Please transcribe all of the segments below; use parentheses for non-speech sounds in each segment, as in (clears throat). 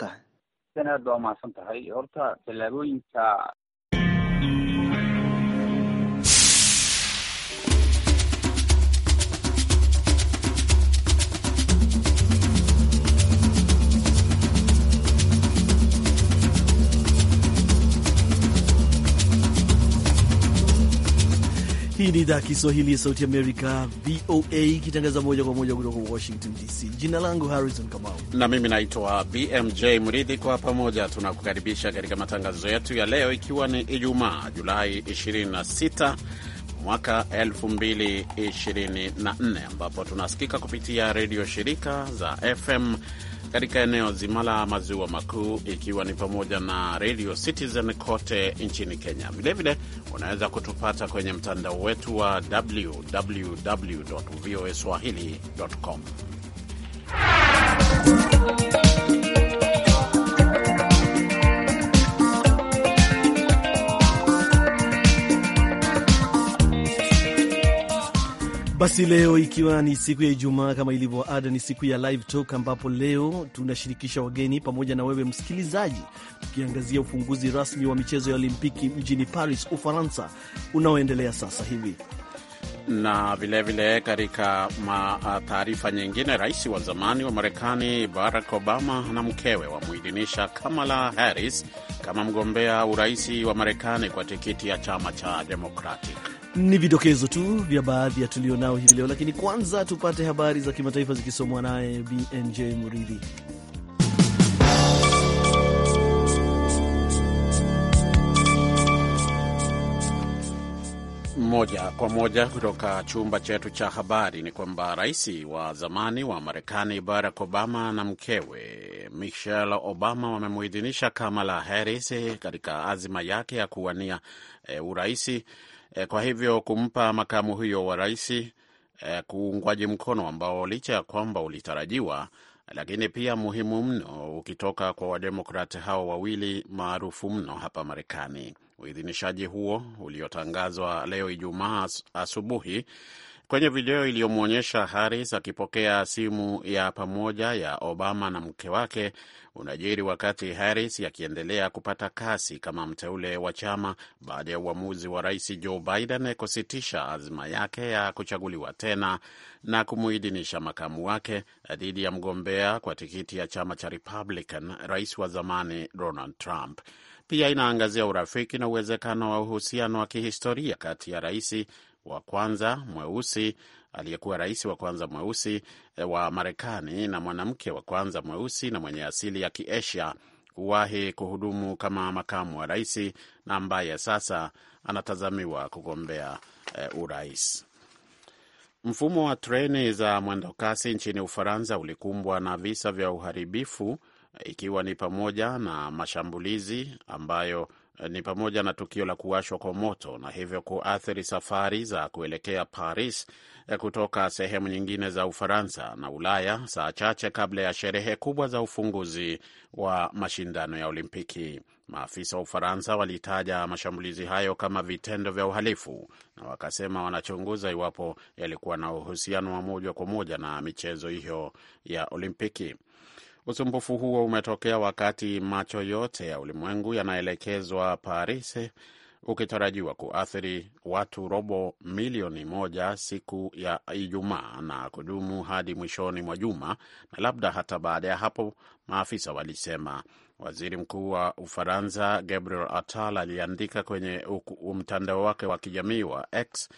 tahay aad baa umahadsan tahay horta tallaabooyinka Hii ni idhaa ya Kiswahili ya Sauti Amerika, VOA, ikitangaza moja kwa moja kutoka Washington DC. Jina langu Harrison Kamau na mimi naitwa BMJ Mridhi. Kwa pamoja tunakukaribisha katika matangazo yetu ya leo, ikiwa ni Ijumaa Julai 26 mwaka 2024, ambapo tunasikika kupitia redio shirika za FM katika eneo zima la maziwa makuu, ikiwa ni pamoja na Radio Citizen kote nchini Kenya. Vilevile unaweza kutupata kwenye mtandao wetu wa www voa swahili com Basi leo ikiwa ni siku ya Ijumaa, kama ilivyo ada, ni siku ya Live Talk ambapo leo tunashirikisha wageni pamoja na wewe msikilizaji, tukiangazia ufunguzi rasmi wa michezo ya Olimpiki mjini Paris, Ufaransa, unaoendelea sasa hivi na vilevile katika taarifa nyingine, rais wa zamani wa Marekani Barack Obama na mkewe wamwidhinisha Kamala Harris kama mgombea uraisi wa Marekani kwa tikiti ya chama cha Democratic. Ni vidokezo tu vya baadhi ya tulionao hivi leo, lakini kwanza tupate habari za kimataifa zikisomwa naye bnj Muridhi. Moja kwa moja kutoka chumba chetu cha habari ni kwamba rais wa zamani wa Marekani Barack Obama na mkewe Michelle Obama wamemuidhinisha Kamala Harris katika azima yake ya kuwania e, uraisi E, kwa hivyo kumpa makamu huyo wa rais e, kuungwaji mkono ambao licha ya kwamba ulitarajiwa lakini pia muhimu mno ukitoka kwa wademokrat hao wawili maarufu mno hapa Marekani. Uidhinishaji huo uliotangazwa leo Ijumaa asubuhi Kwenye video iliyomwonyesha Harris akipokea simu ya pamoja ya Obama na mke wake unajiri wakati Harris akiendelea kupata kasi kama mteule wa chama baada ya uamuzi wa rais Joe Biden kusitisha azma yake ya kuchaguliwa tena na kumuidhinisha makamu wake dhidi ya mgombea kwa tikiti ya chama cha Republican, rais wa zamani Donald Trump. Pia inaangazia urafiki na uwezekano wa uhusiano wa kihistoria kati ya raisi wa kwanza mweusi aliyekuwa rais wa kwanza mweusi e, wa Marekani na mwanamke wa kwanza mweusi na mwenye asili ya Kiasia kuwahi kuhudumu kama makamu wa rais na ambaye sasa anatazamiwa kugombea e, urais. Mfumo wa treni za mwendokasi nchini Ufaransa ulikumbwa na visa vya uharibifu, e, ikiwa ni pamoja na mashambulizi ambayo Eh, ni pamoja na tukio la kuwashwa kwa moto na hivyo kuathiri safari za kuelekea Paris eh, kutoka sehemu nyingine za Ufaransa na Ulaya saa chache kabla ya sherehe kubwa za ufunguzi wa mashindano ya Olimpiki. Maafisa wa Ufaransa walitaja mashambulizi hayo kama vitendo vya uhalifu na wakasema wanachunguza iwapo yalikuwa na uhusiano wa moja kwa moja na michezo hiyo ya Olimpiki. Usumbufu huo umetokea wakati macho yote ya ulimwengu yanaelekezwa Paris, ukitarajiwa kuathiri watu robo milioni moja siku ya Ijumaa na kudumu hadi mwishoni mwa juma na labda hata baada ya hapo, maafisa walisema. Waziri Mkuu wa Ufaransa Gabriel Attal aliandika kwenye mtandao wake wa kijamii wa X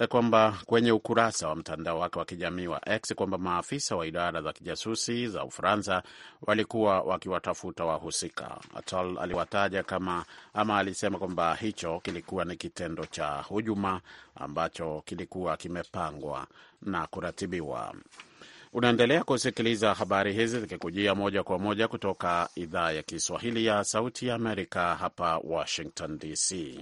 Eh, kwamba kwenye ukurasa wa mtandao wake wa kijamii wa X kwamba maafisa wa idara za kijasusi za Ufaransa walikuwa wakiwatafuta wahusika. Attal aliwataja kama ama, alisema kwamba hicho kilikuwa ni kitendo cha hujuma ambacho kilikuwa kimepangwa na kuratibiwa. Unaendelea kusikiliza habari hizi zikikujia moja kwa moja kutoka idhaa ya Kiswahili ya Sauti ya Amerika hapa Washington DC.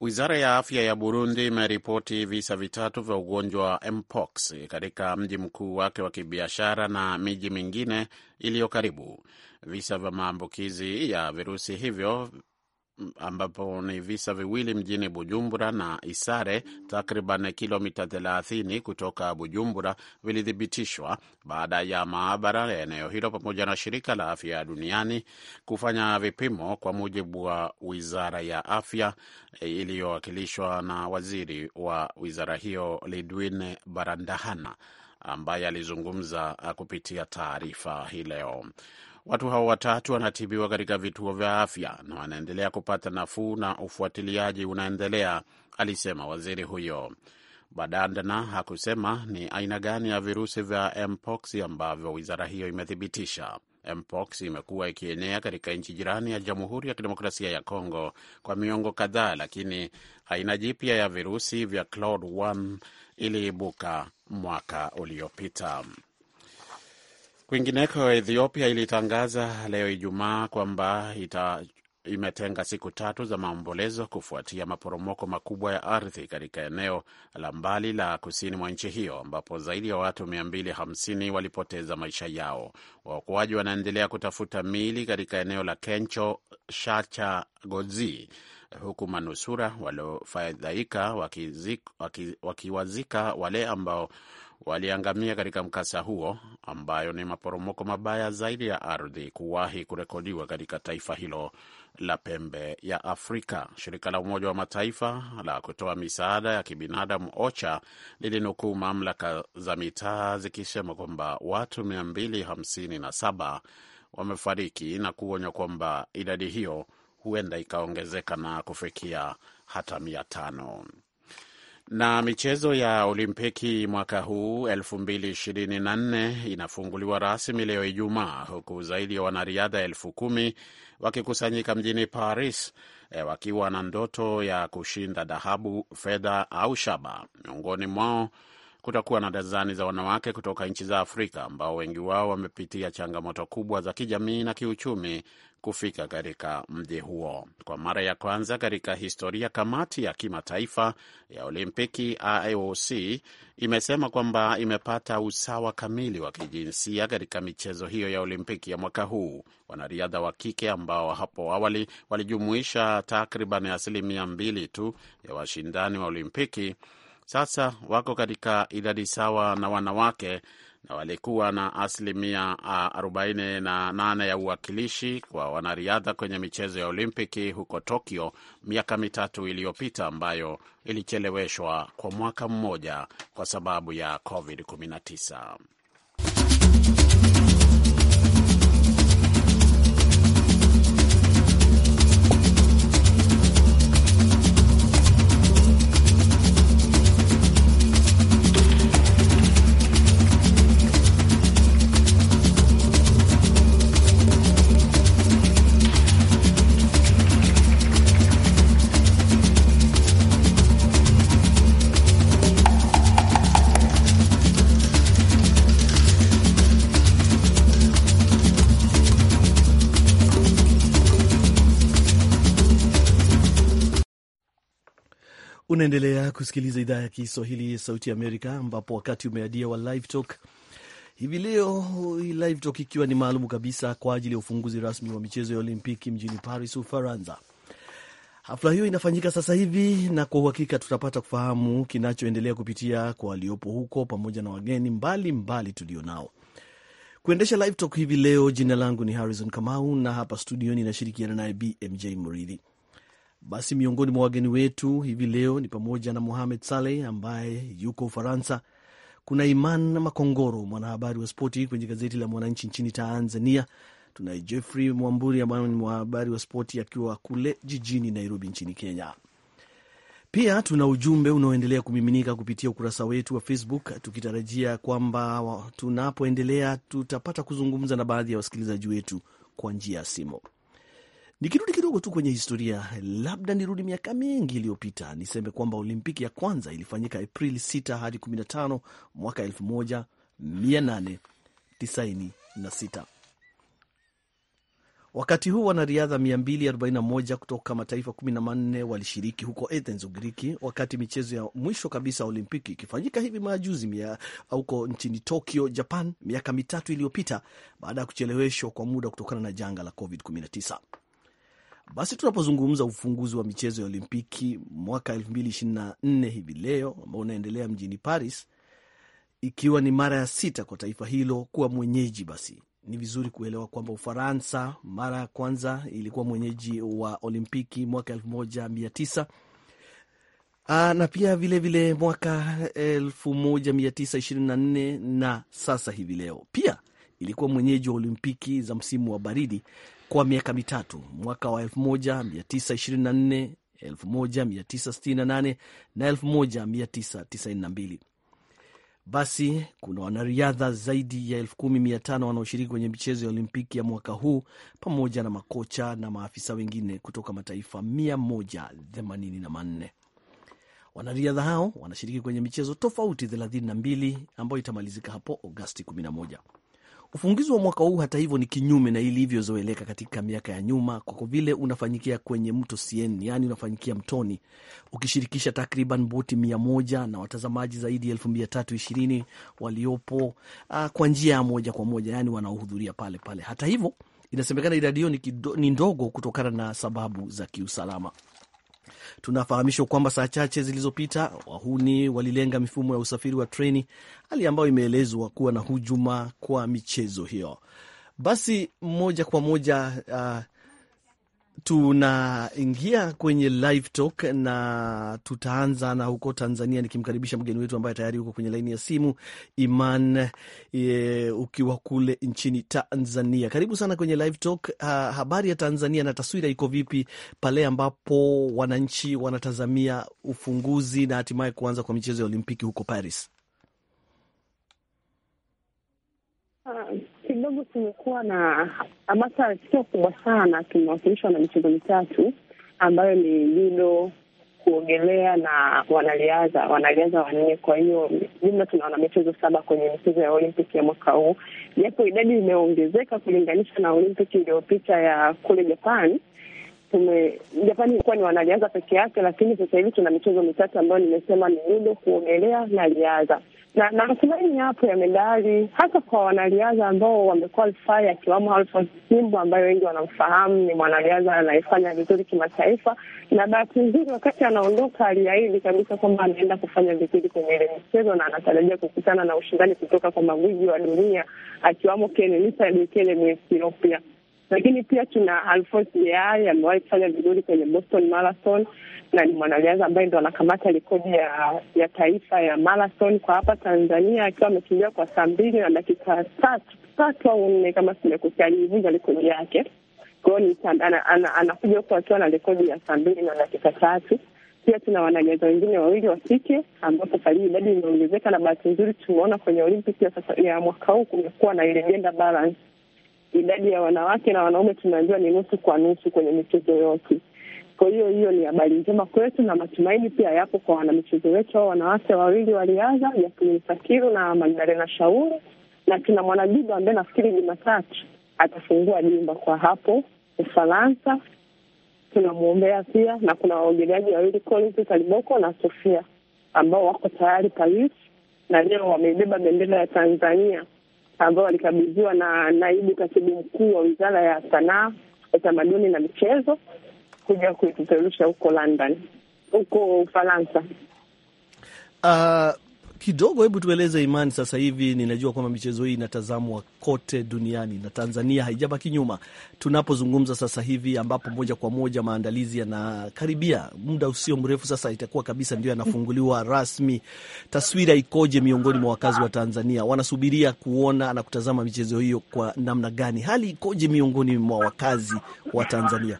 Wizara ya afya ya Burundi imeripoti visa vitatu vya ugonjwa wa mpox katika mji mkuu wake wa kibiashara na miji mingine iliyo karibu. Visa vya maambukizi ya virusi hivyo ambapo ni visa viwili mjini Bujumbura na Isare, takriban kilomita 30 kutoka Bujumbura, vilithibitishwa baada ya maabara ya eneo hilo pamoja na shirika la afya duniani kufanya vipimo, kwa mujibu wa wizara ya afya iliyowakilishwa na waziri wa wizara hiyo Lidwine Barandahana ambaye alizungumza kupitia taarifa hii leo. Watu hao watatu wanatibiwa katika vituo vya afya na wanaendelea kupata nafuu na ufuatiliaji unaendelea, alisema waziri huyo. Badandana hakusema ni aina gani ya virusi vya mpox ambavyo wizara hiyo imethibitisha. Mpox imekuwa ikienea katika nchi jirani ya Jamhuri ya Kidemokrasia ya Kongo kwa miongo kadhaa, lakini aina jipya ya virusi vya Clade 1 iliibuka mwaka uliopita. Kwingineko, Ethiopia ilitangaza leo Ijumaa kwamba ita imetenga siku tatu za maombolezo kufuatia maporomoko makubwa ya ardhi katika eneo la mbali la kusini mwa nchi hiyo ambapo zaidi ya watu 250 walipoteza maisha yao. Waokoaji wanaendelea kutafuta miili katika eneo la Kencho Shacha Gozi, huku manusura waliofadhaika wakiwazika waki, waki wale ambao waliangamia katika mkasa huo, ambayo ni maporomoko mabaya zaidi ya ardhi kuwahi kurekodiwa katika taifa hilo la pembe ya Afrika. Shirika la Umoja wa Mataifa la kutoa misaada ya kibinadamu OCHA lilinukuu mamlaka za mitaa zikisema kwamba watu 257 wamefariki na kuonya kwamba idadi hiyo huenda ikaongezeka na kufikia hata mia tano. Na michezo ya Olimpiki mwaka huu 2024 inafunguliwa rasmi leo Ijumaa, huku zaidi ya wanariadha elfu kumi wakikusanyika mjini Paris e, wakiwa na ndoto ya kushinda dhahabu, fedha au shaba. Miongoni mwao kutakuwa na dazani za wanawake kutoka nchi za Afrika ambao wengi wao wamepitia changamoto kubwa za kijamii na kiuchumi kufika katika mji huo. Kwa mara ya kwanza katika historia, kamati ya kimataifa ya Olimpiki IOC imesema kwamba imepata usawa kamili wa kijinsia katika michezo hiyo ya Olimpiki ya mwaka huu. Wanariadha wa kike ambao hapo awali walijumuisha takriban asilimia mbili tu ya washindani wa Olimpiki sasa wako katika idadi sawa na wanawake na walikuwa na asilimia 48 ah, ya uwakilishi kwa wanariadha kwenye michezo ya Olimpiki huko Tokyo miaka mitatu iliyopita ambayo ilicheleweshwa kwa mwaka mmoja kwa sababu ya COVID-19. Unaendelea kusikiliza idhaa ya Kiswahili ya Sauti Amerika, ambapo wakati umeadia wa Live Talk hivi leo, Live Talk ikiwa ni maalum kabisa kwa ajili ya ufunguzi rasmi wa michezo ya Olimpiki mjini Paris, Ufaransa. Hafla hiyo inafanyika sasa hivi na kwa uhakika tutapata kufahamu kinachoendelea kupitia kwa waliopo huko pamoja na wageni mbalimbali tulio nao kuendesha Live Talk hivi leo. Jina langu ni Harrison Kamau na hapa studioni inashirikiana naye BMJ Muridhi. Basi miongoni mwa wageni wetu hivi leo ni pamoja na Mohamed Saleh ambaye yuko Ufaransa. Kuna Iman Makongoro, mwanahabari wa spoti kwenye gazeti la Mwananchi nchini Tanzania. Tunaye Jeffrey Mwamburi ambaye ni mwanahabari wa spoti akiwa kule jijini Nairobi nchini Kenya. Pia tuna ujumbe unaoendelea kumiminika kupitia ukurasa wetu wa Facebook, tukitarajia kwamba tunapoendelea tutapata kuzungumza na baadhi ya wasikilizaji wetu kwa njia ya simu. Nikirudi kidogo tu kwenye historia, labda nirudi miaka mingi iliyopita, niseme kwamba Olimpiki ya kwanza ilifanyika Aprili 6 hadi 15 mwaka 1896. Wakati huu wanariadha 241 kutoka mataifa 14 walishiriki huko Athens, Ugiriki, wakati michezo ya mwisho kabisa ya Olimpiki ikifanyika hivi majuzi huko nchini Tokyo, Japan, miaka mitatu iliyopita baada ya kucheleweshwa kwa muda kutokana na janga la COVID-19. Basi tunapozungumza ufunguzi wa michezo ya Olimpiki mwaka 2024 hivi leo ambao unaendelea mjini Paris, ikiwa ni mara ya sita kwa taifa hilo kuwa mwenyeji, basi ni vizuri kuelewa kwamba Ufaransa mara ya kwanza ilikuwa mwenyeji wa Olimpiki mwaka 1900 ah, na pia vilevile vile mwaka 1924 na sasa hivi leo pia ilikuwa mwenyeji wa Olimpiki za msimu wa baridi kwa miaka mitatu mwaka wa 1924, 1968 na 1992. Basi kuna wanariadha zaidi ya 15 wanaoshiriki kwenye michezo ya Olimpiki ya mwaka huu pamoja na makocha na maafisa wengine kutoka mataifa 184. Wanariadha hao wanashiriki kwenye michezo tofauti 32 ambayo itamalizika hapo Agosti 11. Ufungizi wa mwaka huu hata hivyo ni kinyume na ilivyozoeleka katika miaka ya nyuma, kwa vile unafanyikia kwenye mto Sien, yani unafanyikia mtoni, ukishirikisha takriban boti mia moja na watazamaji zaidi ya elfu mia tatu ishirini waliopo ah, kwa njia ya moja kwa moja, yani wanaohudhuria pale pale. Hata hivyo inasemekana idadi hiyo ni ndogo kutokana na sababu za kiusalama. Tunafahamishwa kwamba saa chache zilizopita wahuni walilenga mifumo ya usafiri wa treni, hali ambayo imeelezwa kuwa na hujuma kwa michezo hiyo. Basi moja kwa moja uh, tunaingia kwenye live talk na tutaanza na huko Tanzania, nikimkaribisha mgeni wetu ambaye tayari yuko kwenye laini ya simu Iman e, ukiwa kule nchini Tanzania, karibu sana kwenye live talk. Ha, habari ya Tanzania na taswira iko vipi pale ambapo wananchi wanatazamia ufunguzi na hatimaye kuanza kwa michezo ya Olimpiki huko Paris? Ah, kidogo tumekuwa na hamasa sio kubwa sana, tumewakilishwa na michezo mitatu ambayo ni judo, kuogelea na wanariadha, wanariadha wanne. Kwa hiyo jumla tunaona michezo saba kwenye michezo ya olimpik ya mwaka huu, japo idadi imeongezeka kulinganisha na olimpik iliyopita ya kule Japan. Tume Japani ilikuwa ni wanariadha peke yake, lakini sasa hivi tuna michezo mitatu ambayo nimesema ni judo, kuogelea na riadha na, na matumaini yapo medali hasa kwa wanariadha ambao wamequalify akiwamo Alphonse Simbu ambayo wengi wanamfahamu ni mwanariadha anayefanya vizuri kimataifa, na bahati nzuri, wakati anaondoka aliahidi kabisa kwamba anaenda kufanya vizuri kwenye ile michezo na anatarajia kukutana na ushindani kutoka kwa magwiji wa dunia akiwamo Kenenisa Bekele Mwethiopia. Lakini pia tuna Alphonse amewahi kufanya vizuri kwenye Boston Marathon na ni mwanariadha ambaye ndo anakamata rekodi ya, ya taifa ya marathon kwa hapa Tanzania akiwa amekimbia kwa saa mbili na dakika tatu tatu au nne kama sijakosea, alivunja rekodi yake. Kwa hiyo anakuja huku akiwa na rekodi ya saa mbili na dakika tatu. Pia tuna wanariadha wengine wawili wa kike ambapo sasa idadi imeongezeka, na bahati nzuri tumeona kwenye Olimpiki ya, ya mwaka huu kumekuwa na ile gender balance idadi ya wanawake na wanaume tunaambiwa ni nusu kwa nusu kwenye michezo yote. Kwa hiyo hiyo ni habari njema kwetu, na matumaini pia yapo kwa wanamichezo wetu hao wanawake wawili riadha, Jasmine Sakiru na Magdalena Shauri, na tuna mwanajibu ambaye nafikiri Jumatatu atafungua jumba kwa hapo Ufaransa. Tunamwombea pia, na kuna waogeleaji wawili Collins Kaliboko na Sofia ambao wako tayari Paris, na leo wameibeba bendera ya Tanzania ambao walikabidhiwa na naibu katibu mkuu wa wizara ya sanaa, utamaduni na michezo kuja kuipeperusha huko London, huko Ufaransa. Uh, kidogo, hebu tueleze Imani, sasa hivi ninajua kwamba michezo hii inatazamwa kote duniani na Tanzania haijabaki nyuma tunapozungumza sasa hivi, ambapo moja kwa moja maandalizi yanakaribia, muda usio mrefu sasa itakuwa kabisa ndio yanafunguliwa (laughs) rasmi. Taswira ikoje miongoni mwa wakazi wa Tanzania? Wanasubiria kuona na kutazama michezo hiyo kwa namna gani? Hali ikoje miongoni mwa wakazi wa Tanzania?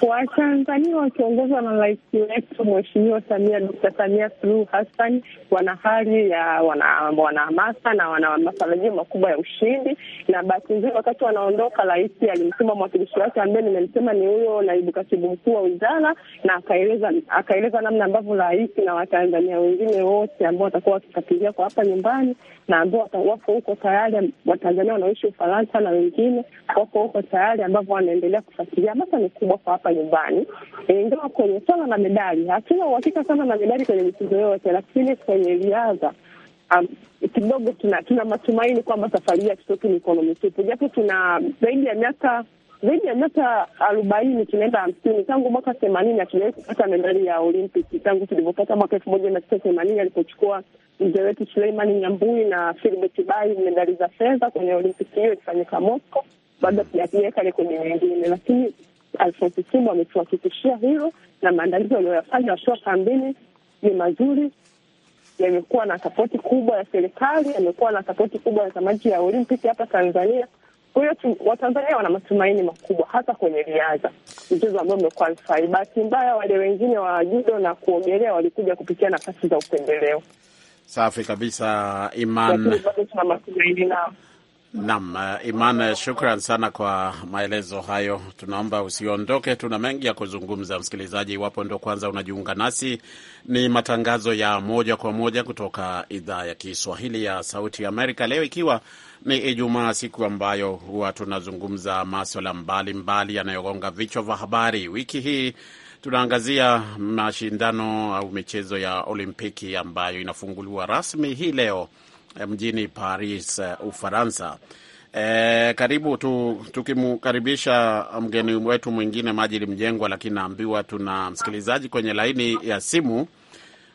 Watanzania wakiongozwa na rais wetu Mheshimiwa Samia Dokta Samia Suluhu Hassan wana hali ya wanahamasa na wana matarajio makubwa ya ushindi. Na bahati nzuri, wakati wanaondoka, rais alimtuma mwakilishi wake ambaye nimemsema ni huyo naibu katibu mkuu wa wizara, na akaeleza akaeleza namna ambavyo rais na Watanzania wengine wote ambao watakuwa wakifatilia kwa hapa nyumbani na ambao wako huko tayari, Watanzania wanaoishi Ufaransa na wengine wako huko tayari, ambavyo wanaendelea kufatilia, Hamasa ni kubwa kwa hapa nyumbani. E, ingawa kwenye swala la medali hatuna uhakika sana na medali kwenye michezo yote, lakini kwenye riadha um, kidogo tuna, tuna matumaini kwamba safari hii hatutoki mikono mitupu, japo tuna zaidi ya miaka zaidi ya miaka arobaini tunaenda hamsini tangu mwaka themanini hatujawahi kupata medali ya Olimpiki tangu tulivyopata mwaka elfu moja mia tisa themanini alipochukua mzee wetu Suleimani Nyambui na Filbert Bayi medali za fedha kwenye Olimpiki hiyo ikifanyika Moscow, bado ya rekodi nyingine, lakini Alfonsi Simbu ametuhakikishia hilo, na maandalizi walioyafanya wakiwa kambini ni mazuri, yamekuwa na sapoti kubwa ya serikali, yamekuwa na sapoti kubwa ya kamati ya Olimpiki hapa Tanzania. Kwa hiyo Watanzania wana matumaini makubwa, hasa kwenye riadha, mchezo ambao umekwalifai. Bahati mbaya wale wengine wa judo na kuogelea walikuja kupitia nafasi za upendeleo. Safi kabisa, Iman. Bado tuna matumaini nao. Naam, eh, Iman, eh, shukran sana kwa maelezo hayo. Tunaomba usiondoke, tuna mengi ya kuzungumza. Msikilizaji, iwapo ndo kwanza unajiunga nasi, ni matangazo ya moja kwa moja kutoka idhaa ya Kiswahili ya Sauti ya Amerika, leo ikiwa ni Ijumaa, siku ambayo huwa tunazungumza maswala mbalimbali yanayogonga vichwa vya habari. Wiki hii tunaangazia mashindano au michezo ya Olimpiki ambayo inafunguliwa rasmi hii leo Eh, mjini Paris, eh, Ufaransa. E, karibu tu, tukimkaribisha mgeni wetu mwingine Majili Mjengwa, lakini naambiwa tuna msikilizaji kwenye laini ya simu,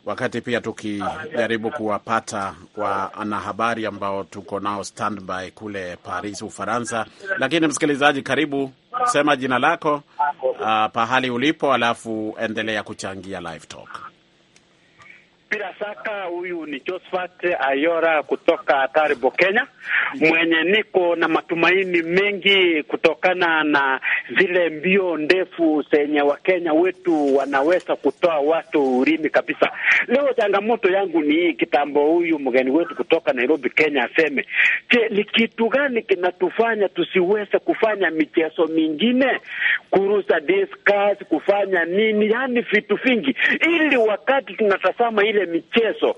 wakati pia tukijaribu kuwapata wanahabari ambao tuko nao standby kule Paris Ufaransa. Lakini msikilizaji, karibu, sema jina lako, uh, pahali ulipo, alafu endelea kuchangia live talk. Bila shaka huyu ni Josephat Ayora kutoka Taribo, Kenya, mwenye niko na matumaini mengi kutokana na zile mbio ndefu zenye Wakenya wetu wanaweza kutoa watu urimi kabisa. Leo changamoto yangu ni hii, kitambo huyu mgeni wetu kutoka Nairobi, Kenya aseme, je, ni kitu gani kinatufanya tusiweze kufanya michezo mingine, kurusa discus, kufanya nini, yani vitu vingi, ili wakati tunatazama ile michezo,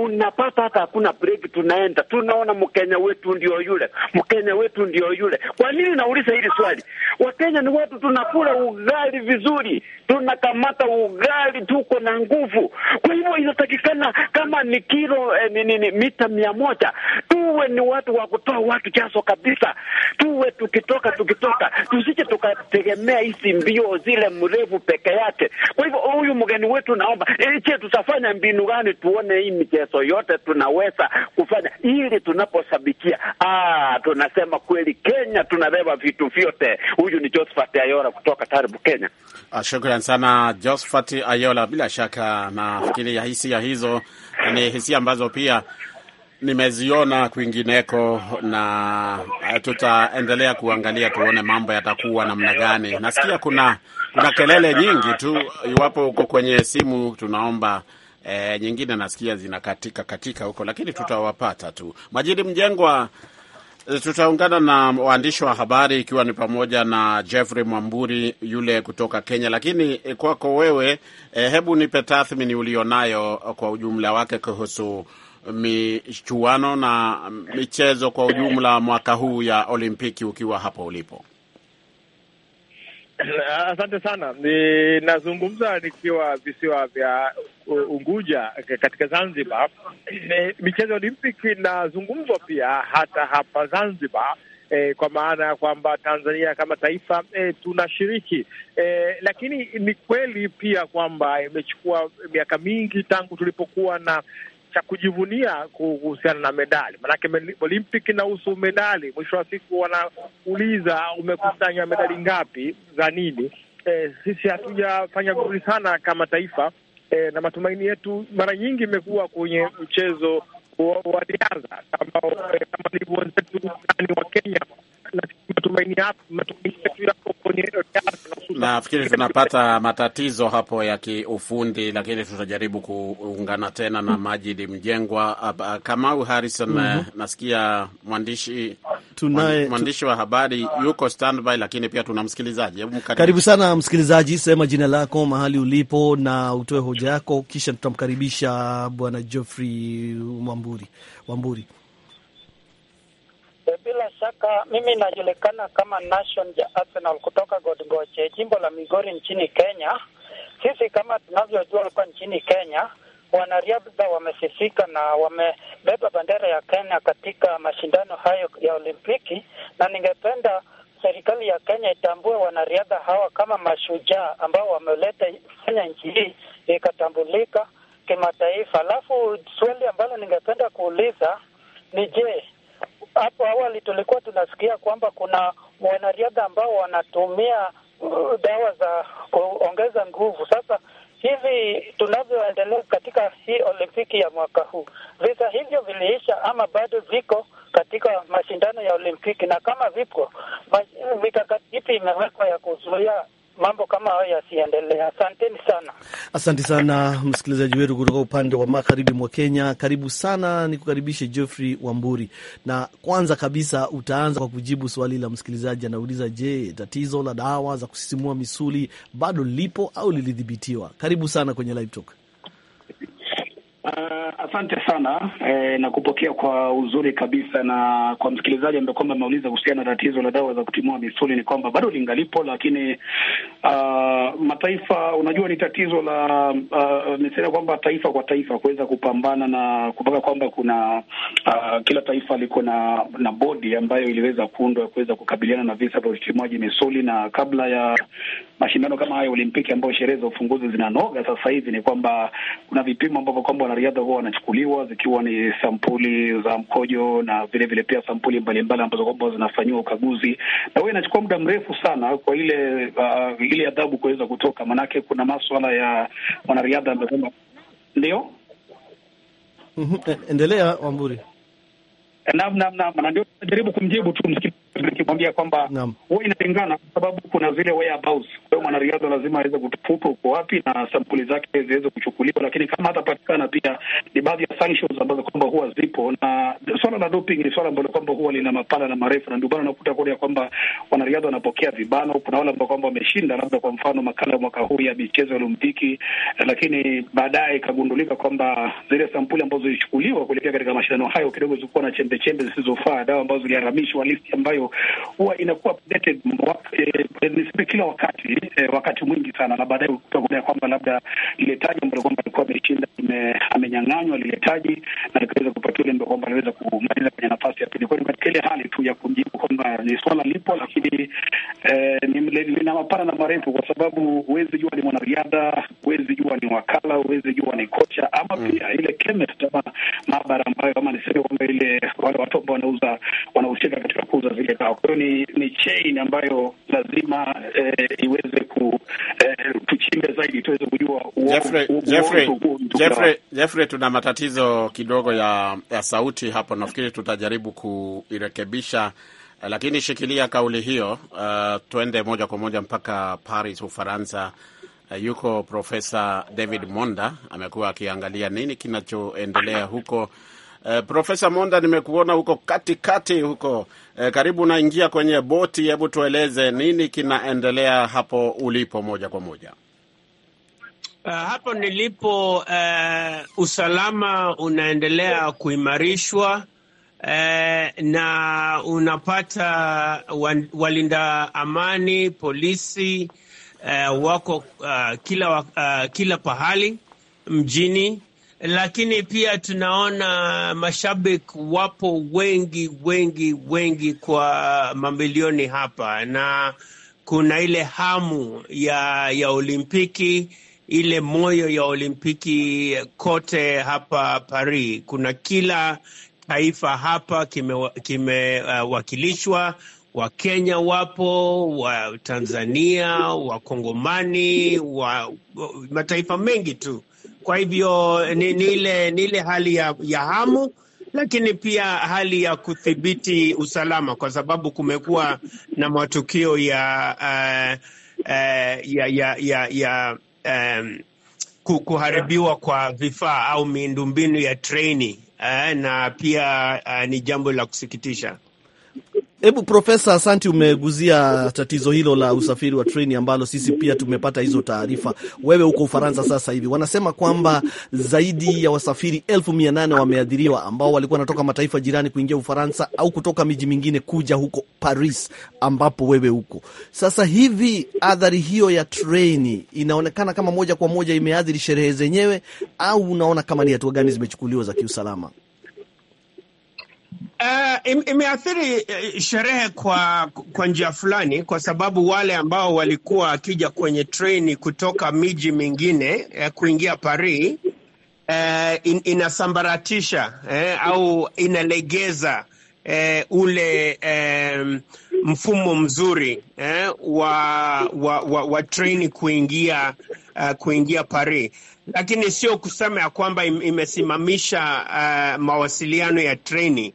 unapata hata hakuna break, tunaenda tunaona Mkenya wetu ndio yule, Mkenya wetu ndio yule. Kwa nini nauliza hili swali? Wakenya ni watu tunakula ugali vizuri, tunakamata ugali, tuko na nguvu. Kwa hivyo inatakikana kama ni kilo eh, ni, ni, ni, mita mia moja, tuwe ni watu wa kutoa watu chaso kabisa, tuwe tukitoka tukitoka, tusije tukategemea hizi mbio zile mrefu peke yake. Kwa hivyo huyu mgeni wetu, naomba je, eh, tutafanya mbinu gani? Tuone hii michezo yote tunaweza kufanya ili tunaposhabikia, ah, tunasema kweli Kenya tunabeba vitu vyote. Huyu ni Josephat Ayora kutoka Taribu, Kenya. Ashukra. Ah, Shukran sana Josphat Ayola. Bila shaka nafikiri hisia hizo ni hisia ambazo pia nimeziona kwingineko, na eh, tutaendelea kuangalia tuone mambo yatakuwa namna gani. Nasikia kuna kuna kelele nyingi tu, iwapo uko kwenye simu tunaomba e, nyingine nasikia zinakatika katika huko, lakini tutawapata tu. Majidi Mjengwa Eh, tutaungana na waandishi wa habari ikiwa ni pamoja na Jeffrey Mwamburi yule kutoka Kenya. Lakini eh, kwako wewe, eh, hebu nipe tathmini ulionayo kwa ujumla wake kuhusu michuano na michezo kwa ujumla mwaka huu ya Olimpiki ukiwa hapo ulipo. (clears throat) Asante sana. Ninazungumza nikiwa visiwa vya Unguja katika Zanzibar. Michezo ya Olimpiki inazungumzwa pia hata hapa Zanzibar, E, kwa maana ya kwamba Tanzania kama taifa e, tunashiriki e, lakini ni kweli pia kwamba imechukua miaka mingi tangu tulipokuwa na cha kujivunia kuhusiana na medali, maanake Olympic inahusu medali. Mwisho wa siku wanauliza umekusanya medali ngapi za nini? E, sisi hatujafanya vizuri sana kama taifa e, na matumaini yetu mara nyingi imekuwa kwenye mchezo wa riadha eh, kama walivyo wenzetu wa Kenya, na matumaini yetu ya Nafikiri tunapata matatizo hapo ya kiufundi, lakini tutajaribu kuungana tena na mm-hmm. Majid Mjengwa. Ah, Kamau Harrison, mm -hmm. Nasikia mwandishi tunaye mwandishi wa habari yuko standby, lakini pia tuna msikilizaji. Hebu karibu sana msikilizaji, sema jina lako, mahali ulipo na utoe hoja yako, kisha tutamkaribisha Bwana Geoffrey Wamburi. Eh, bila shaka mimi najulikana kama Nation ya Arsenal kutoka Godgoche, jimbo la Migori nchini Kenya. Sisi kama tunavyojua, hapa nchini Kenya wanariadha wamesifika na wamebeba bendera ya Kenya katika mashindano hayo ya Olimpiki, na ningependa serikali ya Kenya itambue wanariadha hawa kama mashujaa ambao wameleta fanya nchi hii ikatambulika kimataifa. Alafu swali ambalo ningependa kuuliza ni je, hapo awali tulikuwa tunasikia kwamba kuna wanariadha ambao wanatumia uh, dawa za kuongeza nguvu. Sasa hivi tunavyoendelea katika hii olimpiki ya mwaka huu, visa hivyo viliisha ama bado viko katika mashindano ya olimpiki? Na kama vipo, mikakati ipi imewekwa ya kuzuia mambo kama hayo yasiendelee. Asanteni sana. Asante sana msikilizaji wetu kutoka upande wa magharibi mwa Kenya, karibu sana, nikukaribishe Geoffrey Wamburi. Na kwanza kabisa utaanza kwa kujibu swali la msikilizaji, anauliza je, tatizo la dawa za kusisimua misuli bado lipo au lilidhibitiwa? Karibu sana kwenye Live Talk. Uh, asante sana eh, na kupokea kwa uzuri kabisa. Na kwa msikilizaji ambaye kwamba ameuliza kuhusiana na tatizo la dawa za kutimua misuli, ni kwamba bado lingalipo, lakini uh, mataifa, unajua ni tatizo la uh, eh, nisema kwamba taifa kwa taifa kuweza kupambana na kupaka kwamba kuna uh, kila taifa liko na na bodi ambayo iliweza kuundwa kuweza kukabiliana na visa vya utimuaji misuli, na kabla ya mashindano kama haya Olimpiki ambayo sherehe za ufunguzi zinanoga sasa hivi, ni kwamba kuna vipimo ambavyo kwamba wanariadha huwa wanachukuliwa zikiwa ni sampuli za mkojo na vile vile pia sampuli mbalimbali ambazo kwamba zinafanyiwa ukaguzi, na huwa inachukua muda mrefu sana kwa ile uh, ile adhabu kuweza kutoka, maanake kuna maswala ya wanariadha ambayo ndio mhm. eh, endelea Wamburi. Naam, naam, naam, na ndio najaribu kumjibu tu msikilizaji nikimwambia kwamba huwa inalingana kwa sababu kuna zile whereabouts. Kwa hiyo mwanariadha lazima aweze kutufupa uko wapi na sampuli zake ziweze kuchukuliwa, lakini kama hatapatikana, pia ni baadhi ya sanctions ambazo kwamba huwa zipo, na swala la doping ni swala ambalo kwamba huwa lina mapana na marefu, na ndio maana unakuta kule ya kwamba wanariadha wanapokea vibano. Kuna wale ambao kwamba wameshinda labda kwa mfano makala ya mwaka huu ya michezo ya Olimpiki, lakini baadaye ikagundulika kwamba zile sampuli ambazo zilichukuliwa kuelekea katika mashindano hayo kidogo zilikuwa na chembechembe zisizofaa, dawa ambazo ziliharamishwa, listi ambayo ambayo huwa inakuwa updated eh, eh, niseme kila wakati eh, wakati mwingi sana, na baadaye utakuta kwamba labda lile taji ambalo kwamba alikuwa ameshinda amenyang'anywa lile taji na likaweza kupatiwa ile ambao kwamba aliweza kumaliza kwenye nafasi ya pili. Kwa hiyo katika ile hali tu ya kujibu kwamba ni swala lipo, lakini eh, lina mapana na marefu, kwa sababu huwezi jua ni mwanariadha, huwezi jua ni wakala, huwezi jua ni kocha ama mm. pia ile chemist ama maabara ambayo ama niseme kwamba ile wale watu ambao wanauza wanahusika katika kuuza zile yao. Kwa hiyo ni, ni chain ambayo lazima eh, iweze ku eh, tuchimbe zaidi tuweze kujua Jeffrey, tuna matatizo kidogo ya, ya sauti hapo, nafikiri tutajaribu kuirekebisha eh, lakini shikilia kauli hiyo. Uh, twende moja kwa moja mpaka Paris, Ufaransa. Uh, yuko Profesa David Monda amekuwa akiangalia nini kinachoendelea huko Eh, Profesa Monda, nimekuona huko katikati huko, eh, karibu unaingia kwenye boti. Hebu tueleze nini kinaendelea hapo ulipo moja kwa moja. Uh, hapo nilipo, uh, usalama unaendelea kuimarishwa uh, na unapata wan, walinda amani polisi uh, wako uh, kila, uh, kila pahali mjini lakini pia tunaona mashabiki wapo wengi wengi wengi kwa mamilioni hapa, na kuna ile hamu ya, ya Olimpiki, ile moyo ya Olimpiki kote hapa Paris. Kuna kila taifa hapa kimewakilishwa, kime, uh, Wakenya wapo, wa Tanzania, Wakongomani, wa mataifa mengi tu kwa hivyo ni, ni ile ni ile hali ya, ya hamu lakini pia hali ya kudhibiti usalama, kwa sababu kumekuwa na matukio ya, uh, uh, ya, ya, ya, ya um, kuharibiwa kwa vifaa au miundombinu ya treni uh, na pia uh, ni jambo la kusikitisha. Hebu Profesa, asanti, umeguzia tatizo hilo la usafiri wa treni ambalo sisi pia tumepata hizo taarifa. Wewe huko Ufaransa sasa hivi, wanasema kwamba zaidi ya wasafiri elfu mia nane wameathiriwa ambao walikuwa wanatoka mataifa jirani kuingia Ufaransa au kutoka miji mingine kuja huko Paris ambapo wewe huko sasa hivi. Athari hiyo ya treni inaonekana kama moja kwa moja imeathiri sherehe zenyewe, au unaona kama ni hatua gani zimechukuliwa za kiusalama? Uh, imeathiri eh, sherehe kwa, kwa njia fulani, kwa sababu wale ambao walikuwa wakija kwenye treni kutoka miji mingine uh, kuingia Paris uh, in, inasambaratisha uh, au inalegeza uh, ule uh, mfumo mzuri uh, wa, wa, wa, wa treni kuingia, uh, kuingia Paris, lakini sio kusema ya kwamba im, imesimamisha uh, mawasiliano ya treni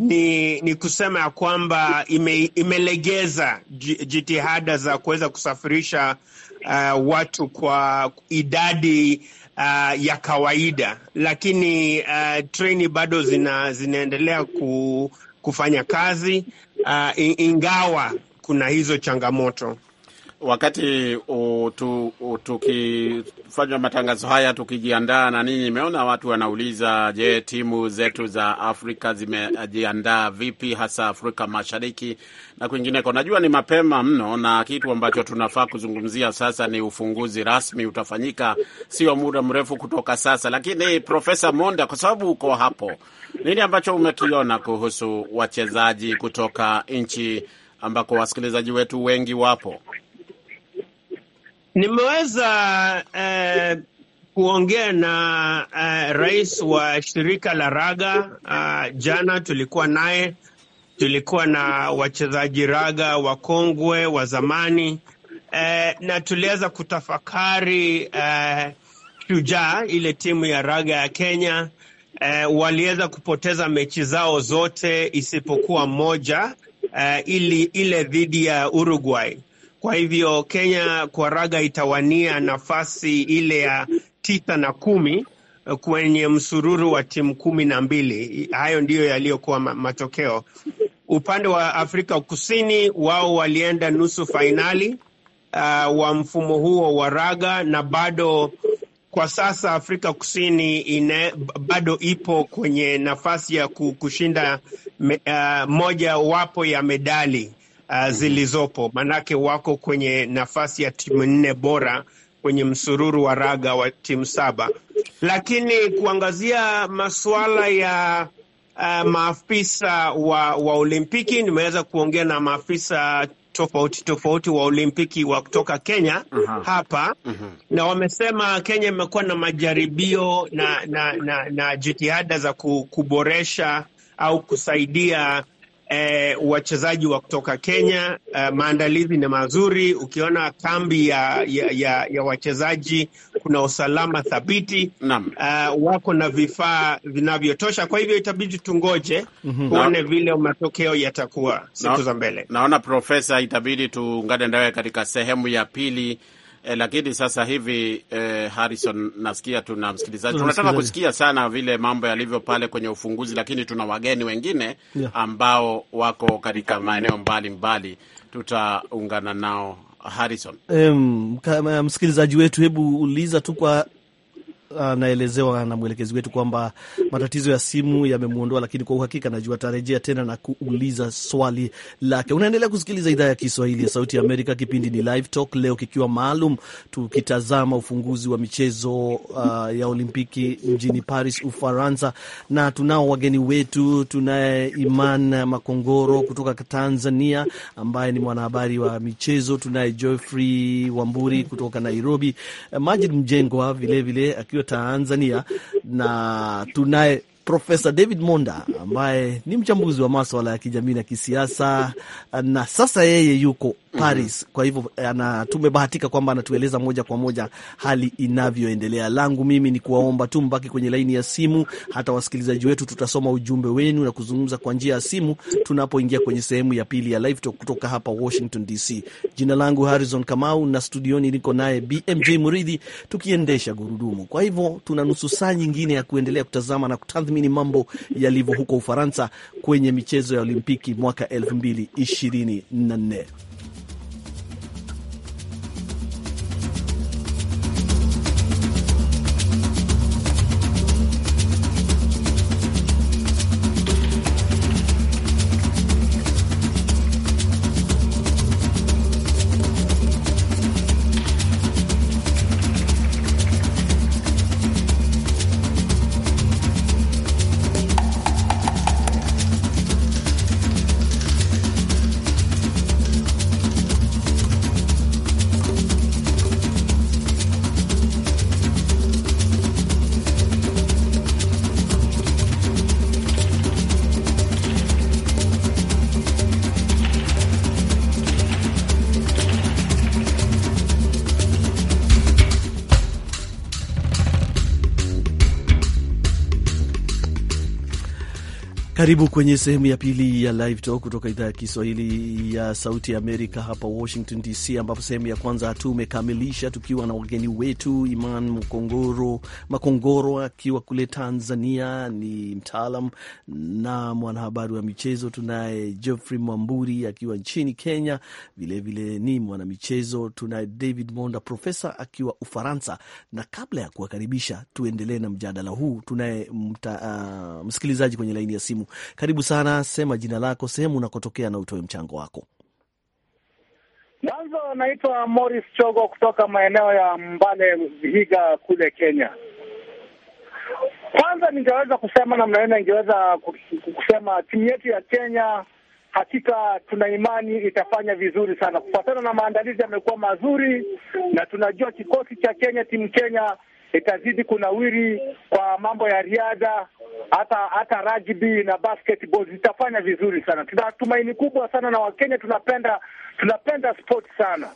ni, ni kusema ya kwamba ime, imelegeza jitihada za kuweza kusafirisha uh, watu kwa idadi uh, ya kawaida, lakini uh, treni bado zina, zinaendelea ku, kufanya kazi uh, ingawa kuna hizo changamoto wakati fanya matangazo haya tukijiandaa na nini, nimeona watu wanauliza, je, timu zetu za Afrika zimejiandaa vipi, hasa Afrika Mashariki na kwingineko? Najua ni mapema mno, na kitu ambacho tunafaa kuzungumzia sasa ni ufunguzi rasmi, utafanyika sio muda mrefu kutoka sasa. Lakini Profesa Monda, kwa sababu uko hapo, nini ambacho umekiona kuhusu wachezaji kutoka nchi ambako wasikilizaji wetu wengi wapo? Nimeweza eh, kuongea na eh, rais wa shirika la raga eh, jana tulikuwa naye, tulikuwa na wachezaji raga wakongwe wa zamani eh, na tuliweza kutafakari eh, Shujaa, ile timu ya raga ya Kenya eh, waliweza kupoteza mechi zao zote isipokuwa moja eh, ili ile dhidi ya Uruguay kwa hivyo Kenya kwa raga itawania nafasi ile ya tisa na kumi eh, kwenye msururu wa timu kumi na mbili. Hayo ndiyo yaliyokuwa matokeo. Upande wa Afrika Kusini, wao walienda nusu fainali uh, wa mfumo huo wa raga, na bado kwa sasa Afrika Kusini ine, bado ipo kwenye nafasi ya kushinda me, uh, eh, moja wapo ya medali uh, zilizopo, maanake wako kwenye nafasi ya timu nne bora kwenye msururu wa raga wa timu saba, lakini kuangazia masuala ya uh, maafisa wa, wa Olimpiki, nimeweza kuongea na maafisa tofauti tofauti wa Olimpiki wa kutoka Kenya uh -huh. hapa uh mhm. -huh. na wamesema Kenya imekuwa na majaribio na, na, na, na jitihada za kuboresha au kusaidia eh, wachezaji wa kutoka Kenya. Eh, maandalizi ni mazuri, ukiona kambi ya, ya, ya, ya wachezaji kuna usalama thabiti eh, wako na vifaa vinavyotosha. Kwa hivyo itabidi tungoje kuone mhm. vile matokeo yatakuwa siku za mbele. Naona Profesa, itabidi tuungane nawe katika sehemu ya pili E, lakini sasa hivi eh, Harrison nasikia tuna msikilizaji, tunataka kusikia sana vile mambo yalivyo pale kwenye ufunguzi, lakini tuna wageni wengine ambao wako katika maeneo mbalimbali, tutaungana nao Harrison. Um, msikilizaji wetu, hebu uliza tu kwa anaelezewa na mwelekezi wetu kwamba matatizo ya simu yamemwondoa, lakini kwa uhakika najua atarejea tena na kuuliza swali lake. Unaendelea kusikiliza idhaa ya Kiswahili ya Sauti ya Amerika, kipindi ni Live Talk, leo kikiwa maalum tukitazama ufunguzi wa michezo uh, ya Olimpiki mjini Paris, Ufaransa, na tunao wageni wetu. Tunaye Iman Makongoro kutoka Tanzania ambaye ni mwanahabari wa michezo, tunaye Geoffrey Wamburi kutoka Nairobi, Majid Mjengwa vilevile akiwa redio Tanzania na tunaye Profesa David Monda ambaye ni mchambuzi wa maswala ya kijamii na kisiasa, na sasa yeye yuko Paris. Kwa hivyo ana, tumebahatika kwamba anatueleza moja kwa moja hali inavyoendelea. Langu mimi ni kuwaomba tu mbaki kwenye laini ya simu, hata wasikilizaji wetu tutasoma ujumbe wenu na kuzungumza kwa njia ya simu tunapoingia kwenye sehemu ya pili ya live talk kutoka hapa Washington DC. Jina langu Harrison Kamau na studioni niko naye BMJ Muridhi tukiendesha gurudumu. Kwa hivyo tuna nusu saa nyingine ya kuendelea kutazama na kutathmini mambo yalivyo huko Ufaransa kwenye michezo ya Olimpiki mwaka 2024. Karibu kwenye sehemu ya pili ya Live Talk kutoka idhaa ya Kiswahili ya Sauti ya Amerika hapa Washington DC, ambapo sehemu ya kwanza tumekamilisha tukiwa na wageni wetu Iman Mkongoro, Makongoro akiwa kule Tanzania, ni mtaalam na mwanahabari wa michezo. Tunaye Geoffrey Mwamburi akiwa nchini Kenya, vilevile vile ni mwanamichezo. Tunaye David Monda, profesa akiwa Ufaransa. Na kabla ya kuwakaribisha tuendelee na mjadala huu, tunaye uh, msikilizaji kwenye laini ya simu karibu sana, sema jina lako, sehemu unakotokea na utoe mchango wako. Mwanzo naitwa Morris Chogo kutoka maeneo ya Mbale, Vihiga kule Kenya. Kwanza ningeweza kusema namna hiyo, ningeweza kusema timu yetu ya Kenya hakika tuna imani itafanya vizuri sana kufuatana na maandalizi yamekuwa mazuri, na tunajua kikosi cha Kenya, timu Kenya itazidi kunawiri kwa mambo ya riadha, hata hata rugby na basketball zitafanya vizuri sana. Tuna tumaini kubwa sana na Wakenya tunapenda tunapenda sport sana.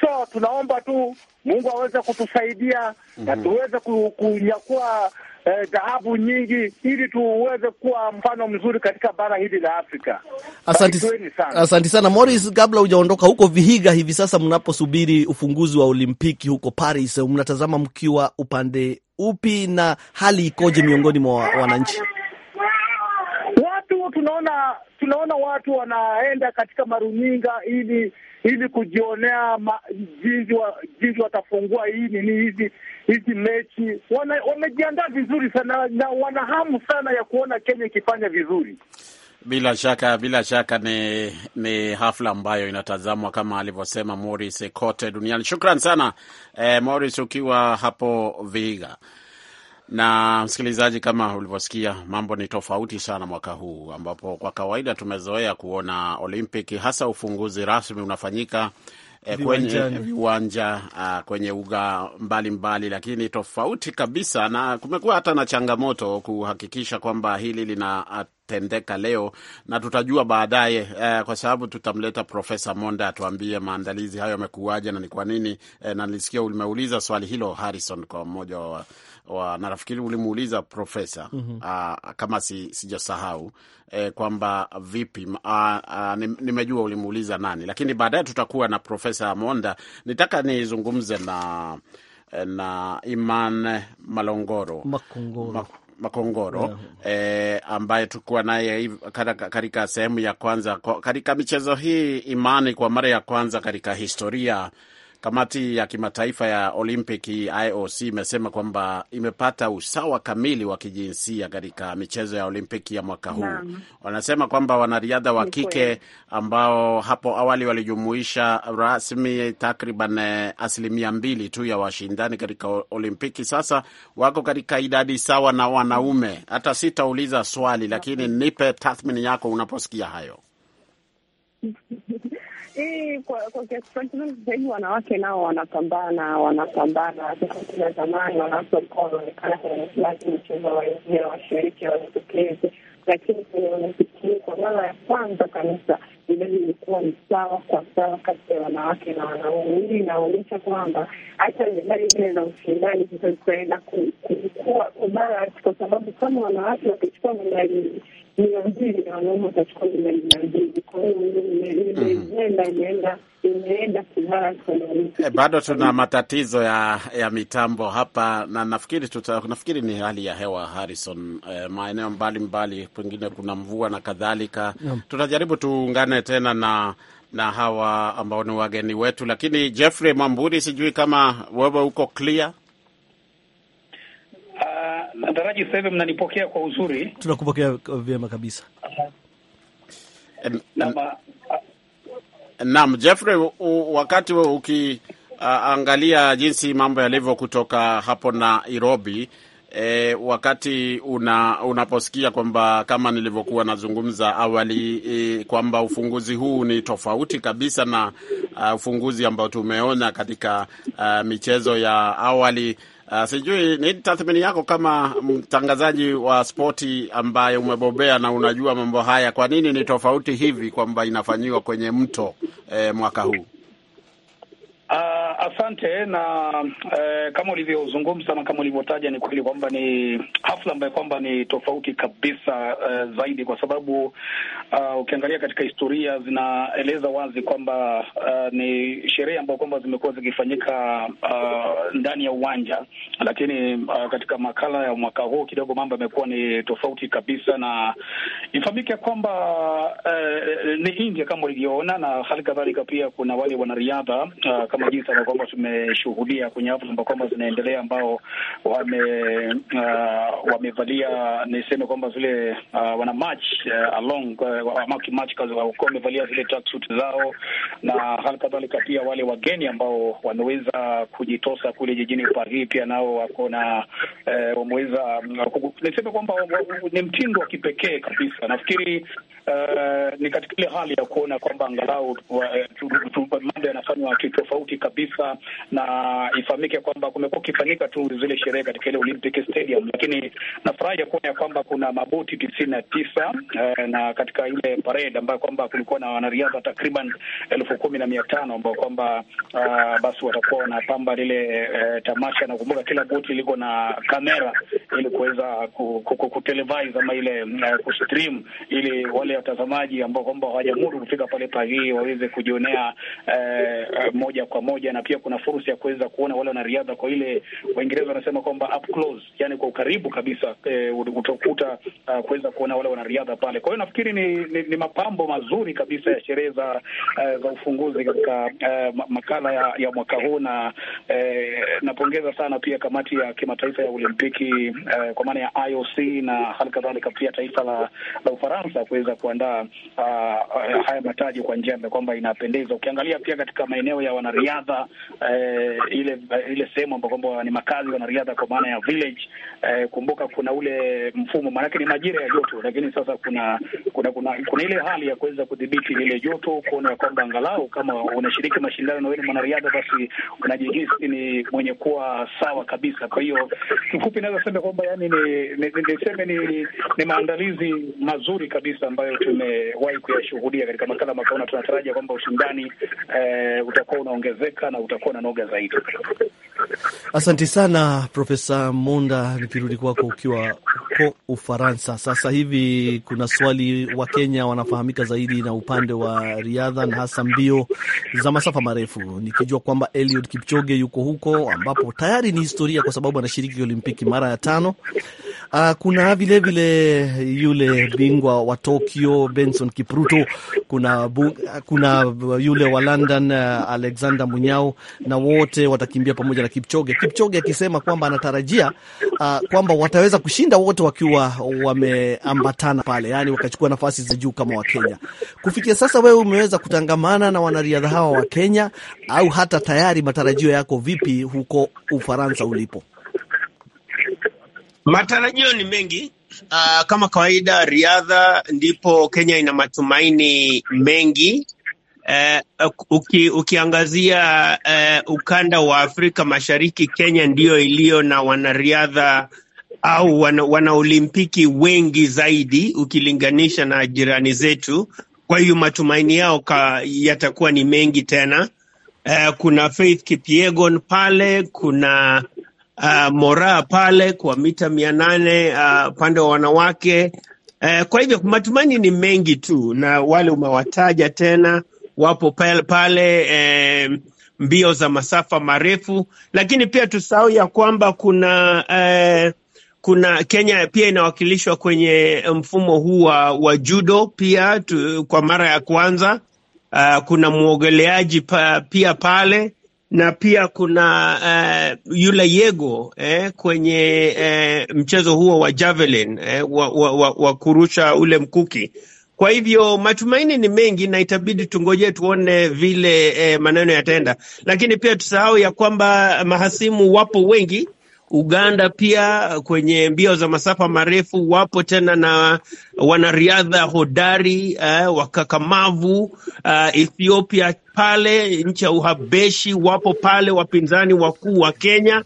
So tunaomba tu Mungu aweze kutusaidia mm -hmm. na mhm. tuweze kunyakua eh, dhahabu eh, nyingi ili tuweze kuwa mfano mzuri katika bara hili la Afrika. Asante sana, asante sana Morris. Kabla hujaondoka huko Vihiga, hivi sasa mnaposubiri ufunguzi wa Olimpiki huko Paris, mnatazama mkiwa upande upi na hali ikoje miongoni mwa wananchi? Watu tunaona tunaona watu wanaenda katika maruninga ili ili kujionea jinsi wa, jinsi watafungua hii nini hizi hizi mechi. Wamejiandaa vizuri sana na wana hamu sana ya kuona Kenya ikifanya vizuri. Bila shaka bila shaka ni, ni hafla ambayo inatazamwa kama alivyosema Morris kote duniani. Shukran sana eh, Morris ukiwa hapo viga na msikilizaji, kama ulivyosikia, mambo ni tofauti sana mwaka huu, ambapo kwa kawaida tumezoea kuona Olympic hasa ufunguzi rasmi unafanyika E, kwenye viwanja uh, kwenye uga mbalimbali mbali, lakini tofauti kabisa, na kumekuwa hata na changamoto kuhakikisha kwamba hili lina tendeka leo, na tutajua baadaye eh, kwa sababu tutamleta Profesa Monda atuambie maandalizi hayo yamekuwaje na ni kwa nini eh, na nilisikia ulimeuliza swali hilo Harrison, kwa mmoja wa wa, na nafikiri ulimuuliza profesa mm -hmm. kama si, sijasahau e, kwamba vipi a, a, ah, ah, nimejua ulimuuliza nani, lakini baadaye tutakuwa na profesa Monda. Nitaka nizungumze na na Iman Malongoro Makungoro. Mak Makongoro yeah. E, ambaye tukuwa naye katika sehemu ya kwanza katika michezo hii. Imani, kwa mara ya kwanza katika historia Kamati ya kimataifa ya Olympic IOC imesema kwamba imepata usawa kamili wa kijinsia katika michezo ya Olimpiki ya mwaka huu Naam. wanasema kwamba wanariadha wa kike ambao hapo awali walijumuisha rasmi takriban eh, asilimia mbili tu ya washindani katika Olimpiki sasa wako katika idadi sawa na wanaume. Hata sitauliza swali, lakini nipe tathmini yako unaposikia hayo. (laughs) hii kwa, kwa kiasi fulani sasa hivi wanawake nao wanapambana, wanapambana tofauti na zamani. Wanawake walikuwa wanaonekana kwenye laki mchezo waingia washiriki wanatokezi, lakini kwenye Olimpiki kwa mara ya kwanza kabisa idadi ilikuwa ni sawa kwa sawa kati ya wanawake na wanaume. Hili inaonyesha kwamba hata medali zile za ushindani sasa zitaenda kukua kubara, kwa sababu kama wanawake wakichukua medali na wanaume Kwa hiyo imeenda Bado tuna matatizo ya ya mitambo hapa, na nafikiri tuta, nafikiri ni hali ya hewa Harrison, eh, maeneo mbalimbali, pengine kuna mvua na kadhalika yeah. Tutajaribu tuungane tena na na hawa ambao ni wageni wetu, lakini Jeffrey Mwamburi, sijui kama wewe uko clear. Ah, Nataraji sasa hivi mnanipokea kwa uzuri. Tunakupokea vyema kabisa. Eh, Naam, Jeffrey, wakati ukiangalia uh, jinsi mambo yalivyo kutoka hapo Nairobi E, wakati una, unaposikia kwamba kama nilivyokuwa nazungumza awali e, kwamba ufunguzi huu ni tofauti kabisa na uh, ufunguzi ambao tumeona katika uh, michezo ya awali Uh, sijui ni tathmini yako kama mtangazaji wa spoti ambaye umebobea na unajua mambo haya, kwa nini ni tofauti hivi kwamba inafanyiwa kwenye mto eh, mwaka huu? Uh, asante na uh, kama ulivyozungumza na kama ulivyotaja, ni kweli kwamba ni hafla ambayo kwamba ni tofauti kabisa uh, zaidi kwa sababu uh, ukiangalia katika historia zinaeleza wazi kwamba uh, ni sherehe ambayo kwamba zimekuwa zikifanyika uh, ndani ya uwanja, lakini uh, katika makala ya mwaka huu kidogo mambo yamekuwa ni tofauti kabisa, na ifahamike kwamba uh, ni India kama ulivyoona, na hali kadhalika pia kuna wale wanariadha uh, kama jinsi kwamba tumeshuhudia kwenye hapo kwamba zinaendelea ambao wame uh, wamevalia niseme kwamba zile uh, wana march uh, along uh, wamevalia zile tracksuit zao, na hali kadhalika pia wale wageni ambao wameweza kujitosa kule jijini Paris pia nao wako na uh, wameweza um, niseme kwamba ni mtindo wa kipekee kabisa. Nafikiri uh, ni katika ile hali ya kuona kwamba angalau uh, mambo yanafanywa tofauti kabisa, na ifahamike kwamba kumekuwa ukifanyika tu zile sherehe katika ile Olympic Stadium, lakini Nafurahi ya kuona ya kwamba kuna maboti tisini na tisa eh, na katika ile parade ambayo kwamba kulikuwa na wanariadha takriban elfu kumi na mia tano ambao kwamba uh, basi watakuwa wanapamba lile eh, tamasha. Nakumbuka kila boti liko na kamera ili kuweza kutelevise ama ile uh, eh, kustream ili wale watazamaji ambao kwamba hawajamudu kufika pale pahii waweze kujionea eh, moja kwa moja, na pia kuna fursa ya kuweza kuona wale wanariadha kwa ile Waingereza wanasema kwamba up close, yani kwa ukaribu kabisa kabisa e, utakuta uh, kuweza kuona wale wanariadha pale. Kwa hiyo nafikiri ni, ni, ni mapambo mazuri kabisa ya sherehe za uh, za ufunguzi katika uh, makala ya, ya mwaka huu na uh, napongeza sana pia kamati ya kimataifa ya Olimpiki uh, kwa maana ya IOC na hali kadhalika pia taifa la, la Ufaransa kuweza kuandaa uh, haya mataji kwa njia ambayo kwamba inapendeza. Ukiangalia pia katika maeneo ya wanariadha uh, ile ile sehemu ambayo kwamba ni makazi wanariadha kwa maana ya village uh, Kumbuka kuna ule mfumo, maanake ni majira ya joto, lakini sasa kuna kuna kuna, kuna ile hali ya kuweza kudhibiti lile joto, kuona ya kwamba angalau kama unashiriki mashindano na wewe ni mwanariadha, basi unajihisi ni mwenye kuwa sawa kabisa. Kwa hiyo kifupi, naweza sema kwamba yani ni, ni, ni, ni, ni maandalizi mazuri kabisa ambayo tumewahi kuyashuhudia katika makala makaona. Tunatarajia kwamba ushindani eh, utakuwa unaongezeka na utakuwa na noga zaidi. Asante sana Profesa Monda, nikirudi kwako ukiwa huko Ufaransa sasa hivi, kuna swali wa Kenya wanafahamika zaidi na upande wa riadha na hasa mbio za masafa marefu, nikijua kwamba Eliud Kipchoge yuko huko ambapo tayari ni historia kwa sababu anashiriki Olimpiki mara ya tano Uh, kuna vilevile vile yule bingwa wa Tokyo Benson Kipruto, kuna, bu, kuna yule wa London uh, Alexander Munyao na wote watakimbia pamoja na Kipchoge. Kipchoge akisema kwamba anatarajia uh, kwamba wataweza kushinda wote wakiwa wameambatana pale, yani wakachukua nafasi za juu kama Wakenya. Kufikia sasa, wewe umeweza kutangamana na wanariadha hawa wa Kenya au hata tayari matarajio yako vipi huko Ufaransa ulipo? Matarajio ni mengi. Uh, kama kawaida riadha ndipo Kenya ina matumaini mengi. Uh, uki, ukiangazia uh, ukanda wa Afrika Mashariki, Kenya ndiyo iliyo na wanariadha au wana, wanaolimpiki wengi zaidi ukilinganisha na jirani zetu. Kwa hiyo matumaini yao yatakuwa ni mengi tena. Uh, kuna Faith Kipyegon pale, kuna uh, ah, Moraa pale kwa mita mia nane ah, upande uh, wa wanawake uh, kwa hivyo matumaini ni mengi tu, na wale umewataja tena wapo pale, pale eh, mbio za masafa marefu, lakini pia tusahau ya kwamba kuna eh, kuna Kenya pia inawakilishwa kwenye mfumo huu wa judo pia tu, kwa mara ya kwanza uh, kuna mwogeleaji pa, pia pale na pia kuna uh, yule Yego eh, kwenye eh, mchezo huo wa javelin eh, wa, wa, wa, wa kurusha ule mkuki. Kwa hivyo matumaini ni mengi na itabidi tungoje tuone vile eh, maneno yataenda, lakini pia tusahau ya kwamba mahasimu wapo wengi Uganda pia kwenye mbio za masafa marefu wapo tena na wanariadha hodari eh, wakakamavu. eh, Ethiopia pale, nchi ya Uhabeshi wapo pale wapinzani wakuu wa Kenya.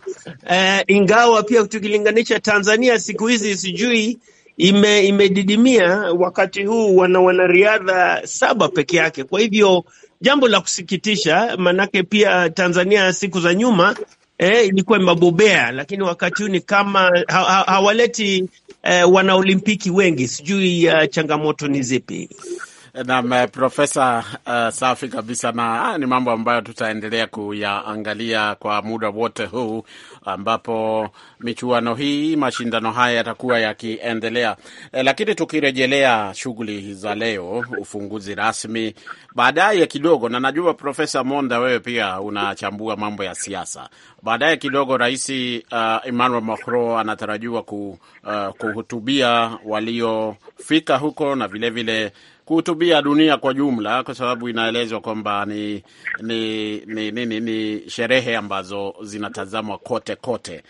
eh, ingawa pia tukilinganisha Tanzania siku hizi sijui ime, imedidimia wakati huu wana wanariadha saba peke yake, kwa hivyo jambo la kusikitisha, manake pia Tanzania siku za nyuma eh, ilikuwa imebobea, lakini wakati huu ni kama hawaleti ha, ha, eh, wanaolimpiki wengi. Sijui uh, changamoto ni zipi? Naam, eh, Profesa uh, safi kabisa, na haya ni mambo ambayo tutaendelea kuyaangalia kwa muda wote huu ambapo michuano hii, mashindano haya yatakuwa yakiendelea. E, lakini tukirejelea shughuli za leo, ufunguzi rasmi baadaye kidogo, na najua Profesa Monda, wewe pia unachambua mambo ya siasa. Baadaye kidogo, Rais uh, Emmanuel Macron anatarajiwa ku, uh, kuhutubia waliofika huko na vilevile vile kuhutubia dunia kwa jumla, kwa sababu inaelezwa kwamba ni ni, ni, ni, ni ni sherehe ambazo zinatazamwa kote kote.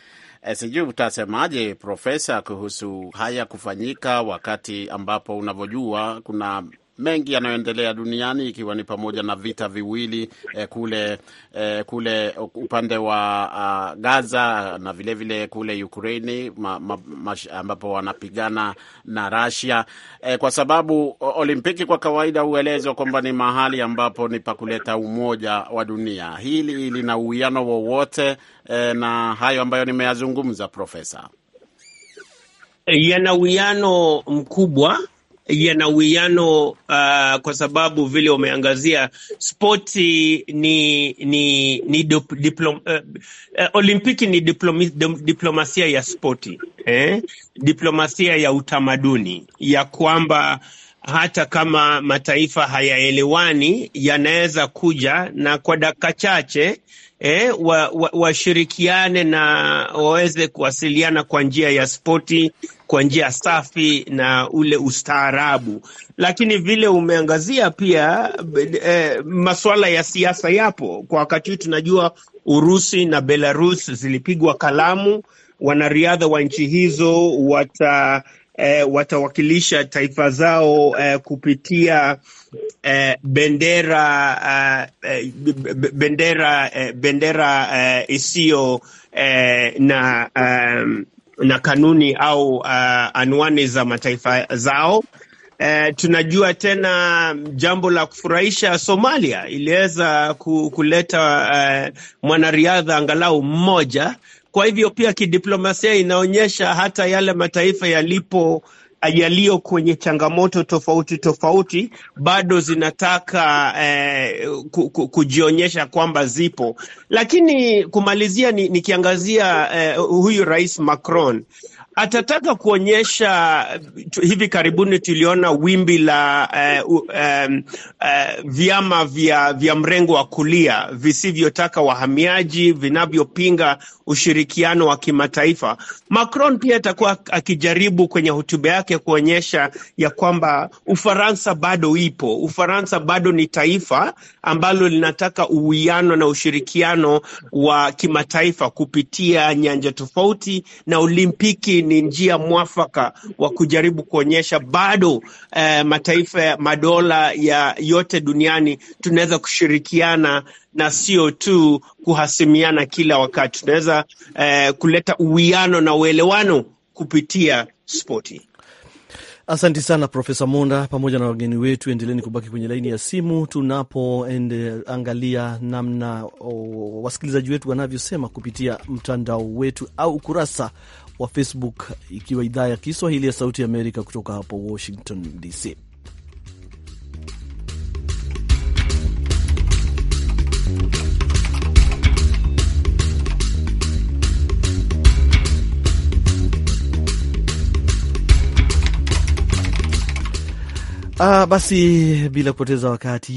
E, sijui utasemaje Profesa kuhusu haya kufanyika wakati ambapo unavyojua kuna mengi yanayoendelea duniani ikiwa ni pamoja na vita viwili eh, kule eh, kule upande wa uh, Gaza na vilevile vile kule Ukraini ma, ma, ma, ambapo wanapigana na Russia eh, kwa sababu Olimpiki kwa kawaida huelezwa kwamba ni mahali ambapo ni pa kuleta umoja wa dunia. Hili lina uwiano wowote eh, na hayo ambayo nimeyazungumza, Profesa? Yana uwiano mkubwa yana uwiano uh, kwa sababu vile umeangazia spoti ni, ni, ni diplom, uh, uh, olimpiki ni diplomi, diplomasia ya spoti eh? Diplomasia ya utamaduni ya kwamba hata kama mataifa hayaelewani yanaweza kuja na kwa dakika chache eh, washirikiane wa, wa na waweze kuwasiliana kwa njia ya spoti, kwa njia safi na ule ustaarabu. Lakini vile umeangazia pia eh, masuala ya siasa yapo kwa wakati huu. Tunajua Urusi na Belarus zilipigwa kalamu, wanariadha wa nchi hizo wata, eh, watawakilisha taifa zao eh, kupitia eh, bendera eh, eh, bendera eh, bendera eh, isiyo eh, na um, na kanuni au uh, anwani za mataifa zao. Eh, tunajua tena jambo la kufurahisha, Somalia iliweza kuleta eh, mwanariadha angalau mmoja. Kwa hivyo pia kidiplomasia inaonyesha hata yale mataifa yalipo yaliyo kwenye changamoto tofauti tofauti bado zinataka eh, kujionyesha kwamba zipo, lakini kumalizia nikiangazia ni eh, huyu Rais Macron atataka kuonyesha. Hivi karibuni tuliona wimbi la uh, um, uh, vyama vya, vya mrengo wa kulia visivyotaka wahamiaji vinavyopinga ushirikiano wa kimataifa. Macron pia atakuwa akijaribu kwenye hotuba yake kuonyesha ya kwamba Ufaransa bado ipo, Ufaransa bado ni taifa ambalo linataka uwiano na ushirikiano wa kimataifa kupitia nyanja tofauti na Olimpiki hii ni njia mwafaka wa kujaribu kuonyesha bado eh, mataifa madola ya yote duniani tunaweza kushirikiana na sio tu kuhasimiana kila wakati. Tunaweza eh, kuleta uwiano na uelewano kupitia spoti. Asanti sana Profesa Monda pamoja na wageni wetu. endeleni kubaki kwenye laini ya simu tunapoangalia namna oh, wasikilizaji wetu wanavyosema kupitia mtandao wetu au ukurasa wa Facebook, ikiwa idhaa ya Kiswahili ya Sauti ya Amerika kutoka hapa Washington DC. Ah, basi bila kupoteza wakati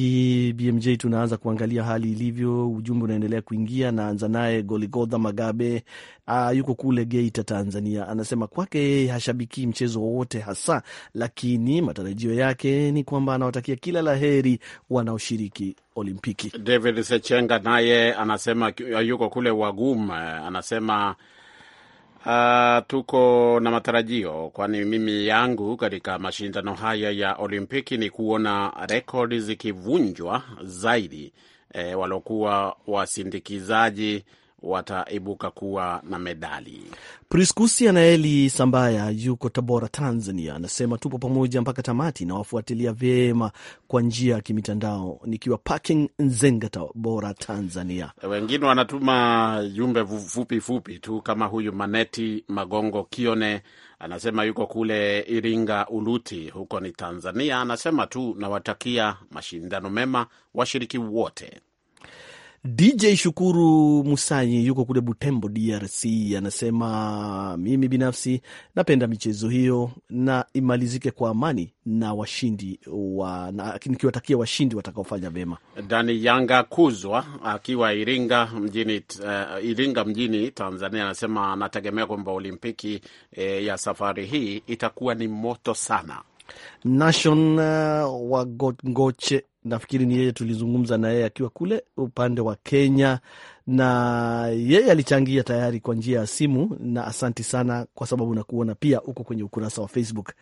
BMJ, tunaanza kuangalia hali ilivyo. Ujumbe unaendelea kuingia. Naanza naye Goligodha Magabe, ah, yuko kule Geita, Tanzania. Anasema kwake hashabikii mchezo wowote hasa, lakini matarajio yake ni kwamba anawatakia kila la heri wanaoshiriki Olimpiki. David Sechenga naye anasema, yuko kule Wagum, anasema Uh, tuko na matarajio, kwani mimi yangu katika mashindano haya ya Olimpiki ni kuona rekodi zikivunjwa zaidi, e, eh, waliokuwa wasindikizaji wataibuka kuwa na medali. Priskusi Anaeli Sambaya yuko Tabora, Tanzania, anasema tupo pamoja mpaka tamati na wafuatilia vyema kwa njia ya kimitandao nikiwa parking Nzenga, Tabora, Tanzania. Wengine wanatuma jumbe fupi fupi tu kama huyu Maneti Magongo Kione anasema yuko kule Iringa Uluti, huko ni Tanzania. Anasema tu nawatakia mashindano mema washiriki wote. DJ Shukuru Musanyi yuko kule Butembo, DRC, anasema mimi binafsi napenda michezo hiyo na imalizike kwa amani na washindi wa, na, nikiwatakia washindi watakaofanya vyema. Dani Yanga Kuzwa akiwa Iringa mjini, uh, Iringa mjini Tanzania anasema anategemea kwamba Olimpiki eh, ya safari hii itakuwa ni moto sana. Nation uh, wa Gogoche nafikiri ni yeye, tulizungumza na yeye akiwa kule upande wa Kenya, na yeye alichangia tayari kwa njia ya simu, na asanti sana kwa sababu nakuona pia uko kwenye ukurasa wa Facebook.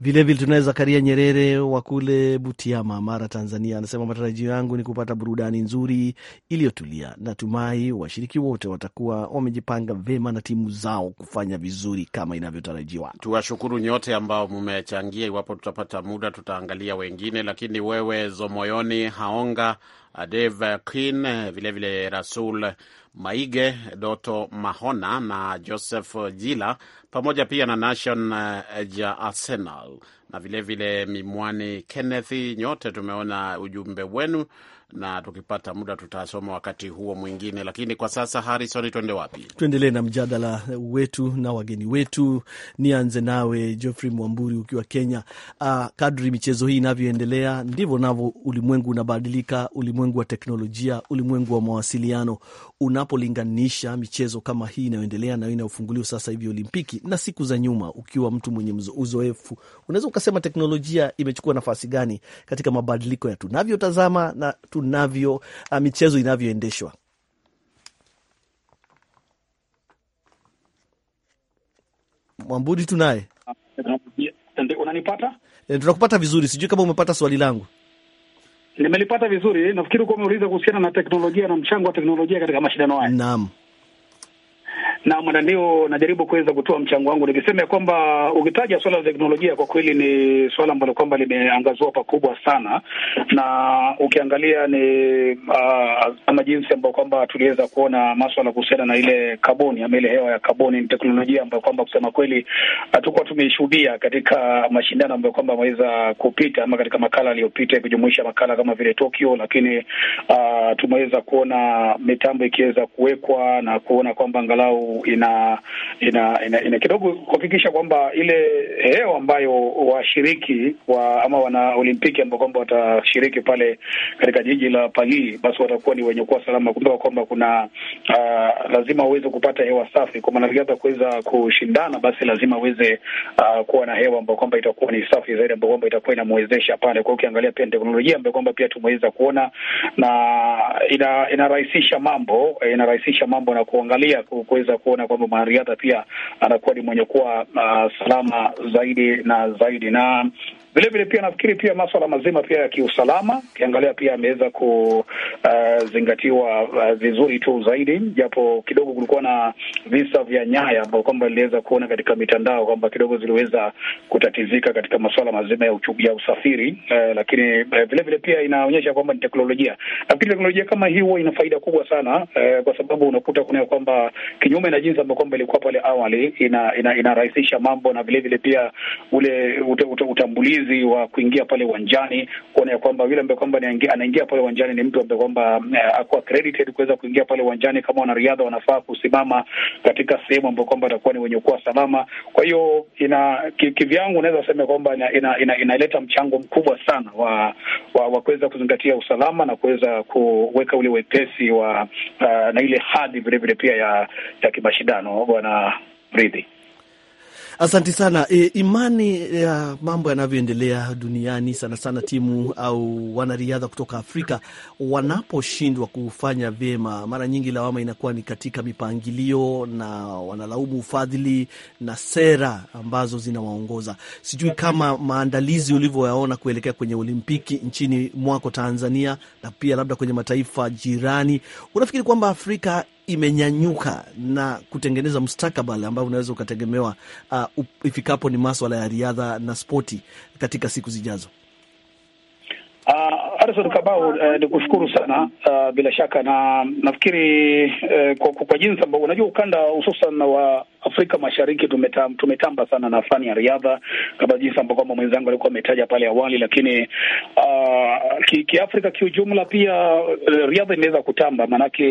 Vilevile tunaye Zakaria Nyerere wa kule Butiama, Mara, Tanzania, anasema matarajio yangu ni kupata burudani nzuri iliyotulia. Natumai washiriki wote watakuwa wamejipanga vema na timu zao kufanya vizuri kama inavyotarajiwa. Tuwashukuru nyote ambao mmechangia. Iwapo tutapata muda, tutaangalia wengine, lakini wewe Zomoyoni Haonga, Dave Queen, vilevile Rasul Maige, Doto Mahona na Joseph Jila pamoja pia na Nation eh, ja Arsenal na vilevile vile Mimwani Kenneth. Nyote tumeona ujumbe wenu na tukipata muda tutasoma wakati huo mwingine, lakini kwa sasa, Harison, tuende wapi? Tuendelee na mjadala wetu na wageni wetu. Nianze nawe Geoffrey Mwamburi ukiwa Kenya. Uh, kadri michezo hii inavyoendelea ndivyo navyo ulimwengu unabadilika, ulimwengu wa teknolojia, ulimwengu wa mawasiliano unapolinganisha michezo kama hii inayoendelea na inayofunguliwa sasa hivi Olimpiki na siku za nyuma, ukiwa mtu mwenye uzoefu, unaweza ukasema teknolojia imechukua nafasi gani katika mabadiliko ya tunavyotazama na tunavyo uh, michezo inavyoendeshwa? Mwambudi tunaye, ah, unanipata? Eh, tunakupata vizuri, sijui kama umepata swali langu. Nimelipata vizuri. Nafikiri ukuwa umeuliza kuhusiana na teknolojia na mchango wa teknolojia katika mashindano haya. Naam na mwana ndio najaribu kuweza kutoa mchango wangu nikisema ya kwamba ukitaja swala la teknolojia kwa kweli ni swala ambalo kwamba limeangaziwa pakubwa sana, na ukiangalia ni uh, ah, ama jinsi ambayo kwamba tuliweza kuona maswala kuhusiana na ile kaboni ama ile hewa ya kaboni, ni teknolojia ambayo kwamba kusema kweli hatukuwa tumeishuhudia katika mashindano ambayo kwamba ameweza kupita ama katika makala aliyopita ikijumuisha makala kama vile Tokyo, lakini uh, tumeweza kuona mitambo ikiweza kuwekwa na kuona kwamba angalau ina ina, ina, ina kidogo kuhakikisha kwamba ile hewa ambayo washiriki wa ama wana olimpiki ambao kwamba watashiriki pale katika jiji la Paris basi watakuwa ni wenye kuwa salama. Kumbuka kwamba kuna uh, lazima uweze kupata hewa safi kwa mwanariadha kuweza kushindana, basi lazima uweze uh, ah, kuwa na hewa ambayo kwamba itakuwa ni safi zaidi, ambayo kwamba itakuwa inamwezesha pale. Kwa hiyo ukiangalia pia teknolojia ambayo kwamba pia tumeweza kuona na ina, inarahisisha mambo inarahisisha mambo na kuangalia kuweza kuona kwamba mwanariadha pia anakuwa ni mwenye kuwa uh, salama zaidi na zaidi na Vilevile pia nafikiri pia maswala mazima pia ya kiusalama ukiangalia pia ameweza kuzingatiwa eh, uh, eh, uh, vizuri tu zaidi, japo kidogo kulikuwa na visa vya nyaya ambao kwamba iliweza kuona katika mitandao kwamba kidogo ziliweza kutatizika katika maswala mazima ya uchubi ya usafiri uh, lakini uh, vile pia inaonyesha kwamba ni teknolojia. lakini teknolojia kama hii huwa ina faida kubwa sana uh, kwa sababu unakuta kuna kwamba kinyume na jinsi ambao kwamba ilikuwa pale awali, inarahisisha ina, ina mambo na vilevile vile pia ule ute, ute, utambulizi ulinzi wa kuingia pale uwanjani kuona ya kwamba yule ambaye kwamba anaingia pale uwanjani ni mtu ambaye kwamba eh, akuwa accredited kuweza kuingia pale uwanjani. Kama wanariadha wanafaa kusimama katika sehemu ambayo kwamba atakuwa ni wenye kuwa salama. Kwa hiyo ina kivyangu, unaweza sema kwamba inaleta ina, ina, ina mchango mkubwa sana wa wa, wa kuweza kuzingatia usalama na kuweza kuweka ule wepesi wa uh, na ile hadhi vilevile pia ya, ya kimashindano bwana Mridhi. Asante sana e, imani ya mambo yanavyoendelea duniani, sana sana timu au wanariadha kutoka Afrika wanaposhindwa kufanya vyema, mara nyingi lawama inakuwa ni katika mipangilio na wanalaumu ufadhili na sera ambazo zinawaongoza. Sijui kama maandalizi ulivyoyaona kuelekea kwenye Olimpiki nchini mwako Tanzania na pia labda kwenye mataifa jirani, unafikiri kwamba Afrika imenyanyuka na kutengeneza mustakabali ambao unaweza ukategemewa uh, ifikapo ni maswala ya riadha na spoti katika siku zijazo? Uh, Harrison Kabau, uh, ni kushukuru sana uh, bila shaka na nafikiri uh, kwa, kwa jinsi ambao unajua ukanda hususan wa Afrika Mashariki tumetamba, tumetamba sana na fani ya riadha kama jinsi ambavyo kwamba mwenzangu alikuwa ametaja pale awali, lakini uh, kiafrika ki kiujumla pia uh, riadha imeweza kutamba, maanake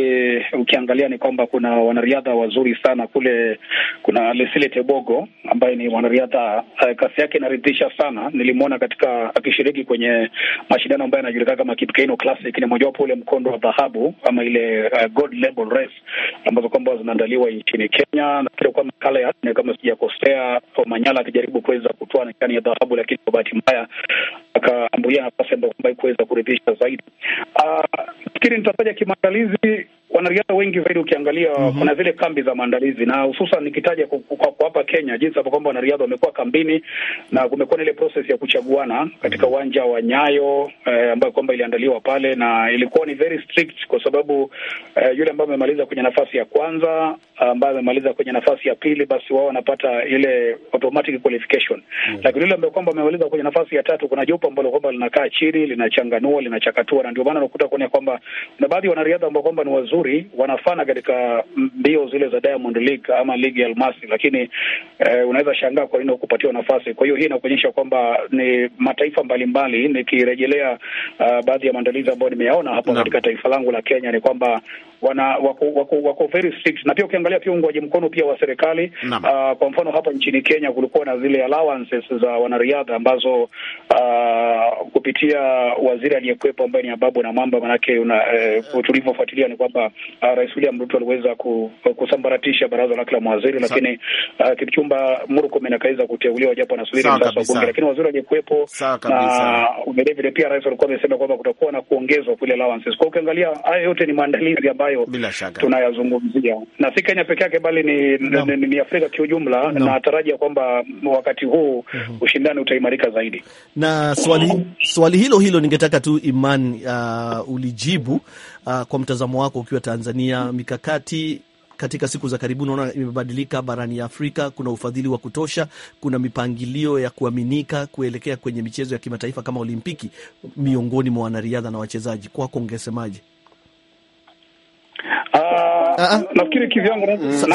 ukiangalia ni kwamba kuna wanariadha wazuri sana kule. Kuna Lesile Tebogo ambaye ni mwanariadha uh, kasi yake inaridhisha sana. Nilimwona katika akishiriki kwenye mashindano ambayo yanajulikana kama Kipkeino Classic, ni mojawapo ule mkondo wa dhahabu ama ile uh, gold label race ambazo kwamba zinaandaliwa nchini Kenya na makala ya kama sijakosea, Manyala akijaribu kuweza kutoa nishani ya dhahabu, lakini kwa bahati mbaya akaambulia nafasi ambayo kuweza kuridhisha zaidi. Ah, nafikiri nitataja kimaandalizi wanariadha wengi zaidi ukiangalia, mm -hmm. kuna zile kambi za maandalizi na hususan nikitaja kwa hapa Kenya, jinsi ambavyo kwamba wanariadha wamekuwa kambini na kumekuwa na ile process ya kuchaguana katika mhm. uwanja mm -hmm. wa Nyayo eh, ambayo kwamba iliandaliwa pale na ilikuwa ni very strict kwa sababu eh, yule ambaye amemaliza kwenye nafasi ya kwanza, ambaye amemaliza kwenye nafasi ya pili, basi wao wanapata ile automatic qualification mm -hmm. lakini yule ambaye kwamba amemaliza kwenye nafasi ya tatu, kuna jopo ambalo kwamba linakaa chini, linachanganua, linachakatua, na ndio maana unakuta kwenye kwamba na baadhi ya wanariadha ambao kwamba ni wazuri vizuri, wanafana katika mbio zile za Diamond League ama ligi ya almasi, lakini eh, unaweza shangaa kwa nini hukupatiwa nafasi. Kwa hiyo hii inakuonyesha kwamba ni mataifa mbalimbali, nikirejelea uh, baadhi ya maandalizi ambayo nimeyaona hapo katika taifa langu la Kenya ni kwamba wana wako wako, wako very strict, na pia ukiangalia pia uungwaji mkono pia wa serikali uh, kwa mfano hapa nchini Kenya kulikuwa na zile allowances za wanariadha ambazo uh, kupitia waziri aliyekuwepo ambaye ni Ababu na Mwamba, manake una uh, tulivyofuatilia ni kwamba uh, Rais William Ruto aliweza kusambaratisha baraza lake la mawaziri, lakini uh, Kipchumba Murkomen akaweza kuteuliwa japo anasubiri sasa wa bunge, lakini waziri aliyekuwepo na uh, vilevile pia rais alikuwa amesema kwamba kutakuwa na kuongezwa kule allowances. Kwa ukiangalia haya yote ni maandalizi ambayo ambayo tunayazungumzia, na si Kenya peke yake, bali ni, no. ni, ni Afrika kiujumla no. Natarajia kwamba wakati huu mm-hmm. ushindani utaimarika zaidi. Na swali, swali hilo hilo ningetaka tu Iman uh, ulijibu uh, kwa mtazamo wako ukiwa Tanzania, mikakati katika siku za karibuni naona imebadilika barani ya Afrika. Kuna ufadhili wa kutosha, kuna mipangilio ya kuaminika kuelekea kwenye michezo ya kimataifa kama Olimpiki miongoni mwa wanariadha na wachezaji. Kwako ungesemaje? Ah, ah. nafikiri kivyangu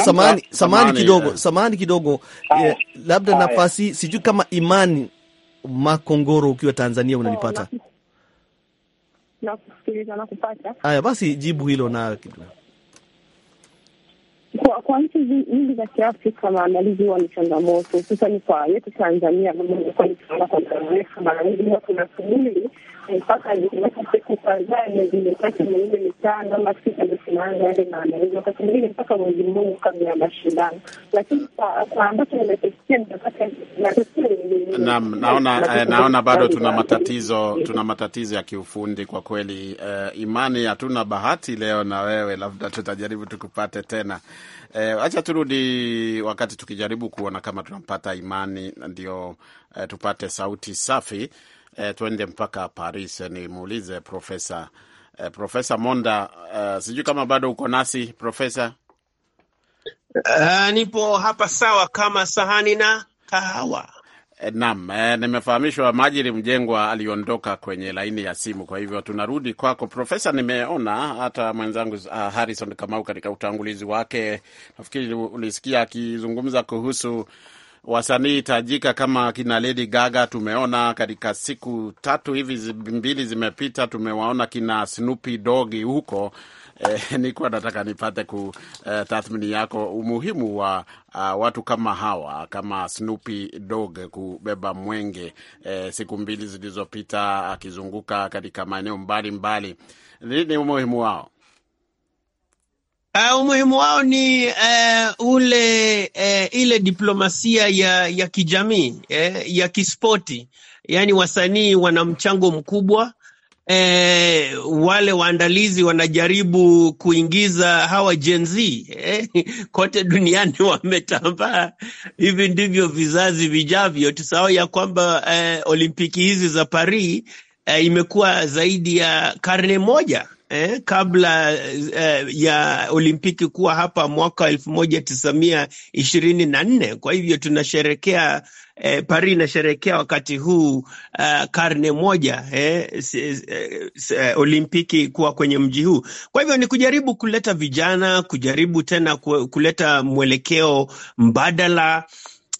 samani samani kidogo samani kidogo eh, labda nafasi sijui kama Imani Makongoro ukiwa Tanzania unanipata? Oh, Haya basi jibu hilo na kwa, kwa nchi nyingi za Kiafrika maandalizi huwa ni changamoto, hususani kwa yetu Tanzania Mara nyingi huwa tunasubiri mpaka zimeweka siku kadhaa, miezi mitatu, miwili, mitano ama sita, tunaanza yale maandalizi, wakati mwingine mpaka mwezi mmoja kabla ya mashindano. Lakini kwa ambacho inatokea naona eh, naona bado tuna matatizo tuna matatizo ya kiufundi kwa kweli. Uh, Imani, hatuna bahati leo na wewe, labda tutajaribu tukupate tena Eh, acha turudi wakati tukijaribu kuona kama tunampata Imani ndio e, tupate sauti safi e, eh, tuende mpaka Paris nimuulize profesa e, Profesa Monda e, sijui kama bado uko nasi profesa. Uh, nipo hapa sawa kama sahani na kahawa nam eh, naam e, nimefahamishwa Majiri Mjengwa aliondoka kwenye laini ya simu, kwa hivyo tunarudi kwako Profesa. Nimeona hata mwenzangu uh, Harrison Kamau katika utangulizi wake nafikiri ulisikia akizungumza kuhusu wasanii tajika kama kina Lady Gaga. Tumeona katika siku tatu hivi mbili zimepita, tumewaona kina snupi Dogg huko eh, nikuwa nataka nipate ku eh, tathmini yako umuhimu wa uh, watu kama hawa kama Snoopy Dog kubeba mwenge eh, siku mbili zilizopita akizunguka katika maeneo mbalimbali, nini umuhimu wao? Uh, umuhimu wao ni uh, ule uh, ile diplomasia ya, ya kijamii eh, ya kispoti, yaani wasanii wana mchango mkubwa eh, wale waandalizi wanajaribu kuingiza hawa Gen Z eh, (laughs) kote duniani (laughs) wametambaa. Hivi ndivyo vizazi vijavyo. Tusahau ya kwamba eh, Olimpiki hizi za Paris eh, imekuwa zaidi ya karne moja eh, kabla eh, ya Olimpiki kuwa hapa mwaka elfu moja tisamia ishirini na nne. Kwa hivyo tunasherekea eh, Paris inasherekea wakati huu uh, karne moja eh, se, se, se, eh, Olimpiki kuwa kwenye mji huu. Kwa hivyo ni kujaribu kuleta vijana, kujaribu tena kuleta mwelekeo mbadala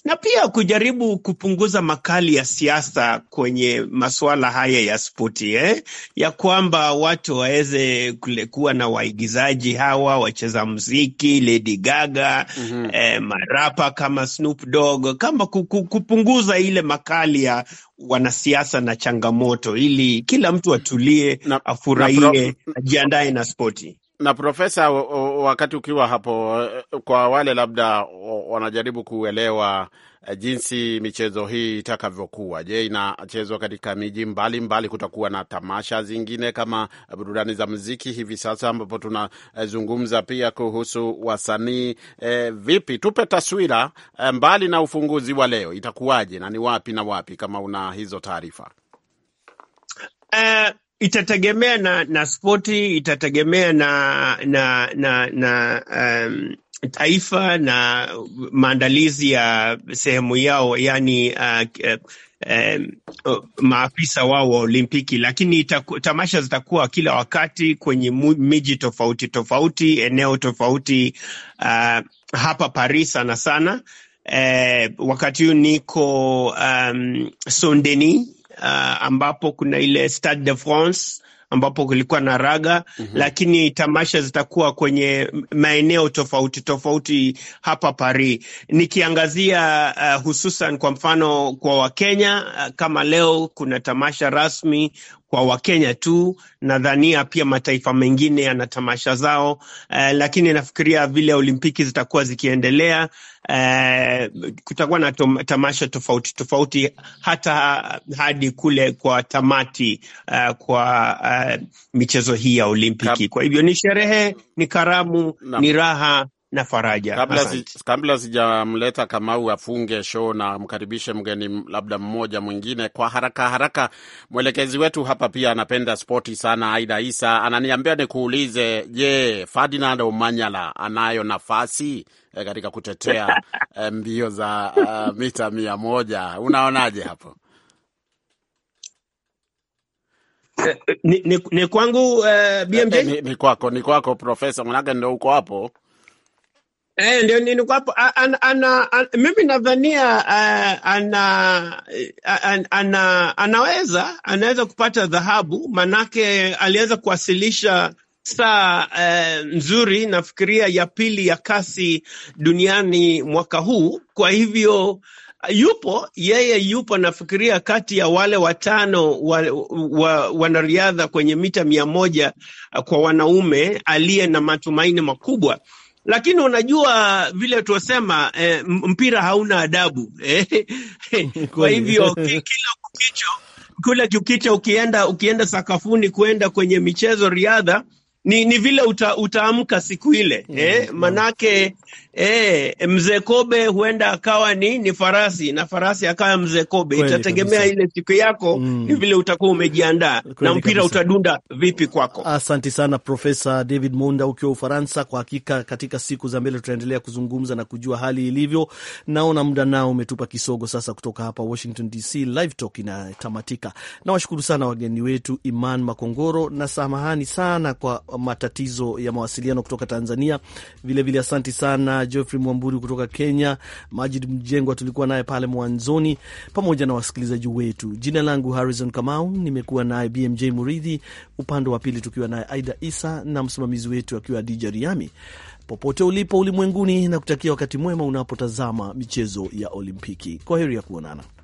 na pia kujaribu kupunguza makali ya siasa kwenye masuala haya ya spoti eh? ya kwamba watu waweze kuwa na waigizaji hawa wacheza mziki Lady Gaga mm -hmm. eh, marapa kama Snoop Dogg kama kupunguza ile makali ya wanasiasa na changamoto, ili kila mtu atulie, afurahie, ajiandae na spoti na Profesa, wakati ukiwa hapo, eh, kwa wale labda wanajaribu kuelewa eh, jinsi michezo hii itakavyokuwa, je, inachezwa katika miji mbalimbali? Kutakuwa na tamasha zingine kama burudani za muziki hivi sasa, ambapo tunazungumza pia kuhusu wasanii e, vipi, tupe taswira mbali na ufunguzi wa leo, itakuwaje na ni wapi na wapi, kama una hizo taarifa? itategemea na na spoti, itategemea na na na, na um, taifa na maandalizi ya sehemu yao, yani uh, uh, maafisa wao wa Olimpiki, lakini itaku, tamasha zitakuwa kila wakati kwenye miji tofauti tofauti, eneo tofauti, uh, hapa Paris sana sana. Eh, wakati huu niko um, Sondeni uh, ambapo kuna ile Stade de France ambapo kulikuwa na raga mm -hmm. Lakini tamasha zitakuwa kwenye maeneo tofauti tofauti hapa Paris, nikiangazia uh, hususan kwa mfano kwa Wakenya uh, kama leo kuna tamasha rasmi kwa Wakenya tu, nadhania pia mataifa mengine yana tamasha zao eh, lakini nafikiria vile Olimpiki zitakuwa zikiendelea eh, kutakuwa na tamasha tofauti tofauti hata hadi kule kwa tamati eh, kwa eh, michezo hii ya Olimpiki. Kwa hivyo ni sherehe, ni karamu, ni raha na faraja. Kabla, sijamleta Kamau afunge show na mkaribishe mgeni labda mmoja mwingine, kwa haraka haraka, mwelekezi wetu hapa pia anapenda spoti sana, Aida Isa ananiambia nikuulize, je, Ferdinand Omanyala anayo nafasi eh, katika kutetea eh, mbio za uh, mita mia moja? Unaonaje hapo? Ni, ni, ni kwangu uh, BMJ? Ni, ni kwako, ni kwako Profesa, manake ndo uko hapo Eh, ndio nini kwapo ana, ana, ana, mimi nadhania uh, ana, eh, ana, ana, anaweza anaweza kupata dhahabu, manake aliweza kuwasilisha saa uh, nzuri nafikiria ya pili ya kasi duniani mwaka huu. Kwa hivyo yupo yeye, yupo nafikiria kati ya wale watano wa, wa, wanariadha kwenye mita mia moja kwa wanaume aliye na matumaini makubwa. Lakini unajua vile tuwasema eh, mpira hauna adabu eh. (laughs) Kwa hivyo (laughs) kila kukicho kule kukicha, ukienda ukienda sakafuni kuenda kwenye michezo riadha ni, ni vile uta, utaamka siku ile mm, eh, mm. Manake eh, mzee Kobe huenda akawa ni, ni farasi na farasi akawa mzee Kobe. Itategemea ile siku yako mm. Ni vile utakuwa umejiandaa na mpira kabisa. Utadunda vipi kwako. Asanti sana Profesa David Munda ukiwa Ufaransa. Kwa hakika katika siku za mbele tutaendelea kuzungumza na kujua hali ilivyo. Naona muda nao umetupa kisogo sasa. Kutoka hapa Washington DC, Live Talk inatamatika. Nawashukuru sana wageni wetu Iman Makongoro na samahani sana kwa matatizo ya mawasiliano kutoka Tanzania. Vilevile asanti sana Geoffrey Mwamburi kutoka Kenya, Majid Mjengwa tulikuwa naye pale mwanzoni, pamoja na wasikilizaji wetu. Jina langu Harrison Kamau, nimekuwa naye BMJ Muridhi, upande wa pili tukiwa naye Aida Isa na msimamizi wetu akiwa Dija Riami. Popote ulipo ulimwenguni, na kutakia wakati mwema unapotazama michezo ya Olimpiki. Kwa heri ya kuonana.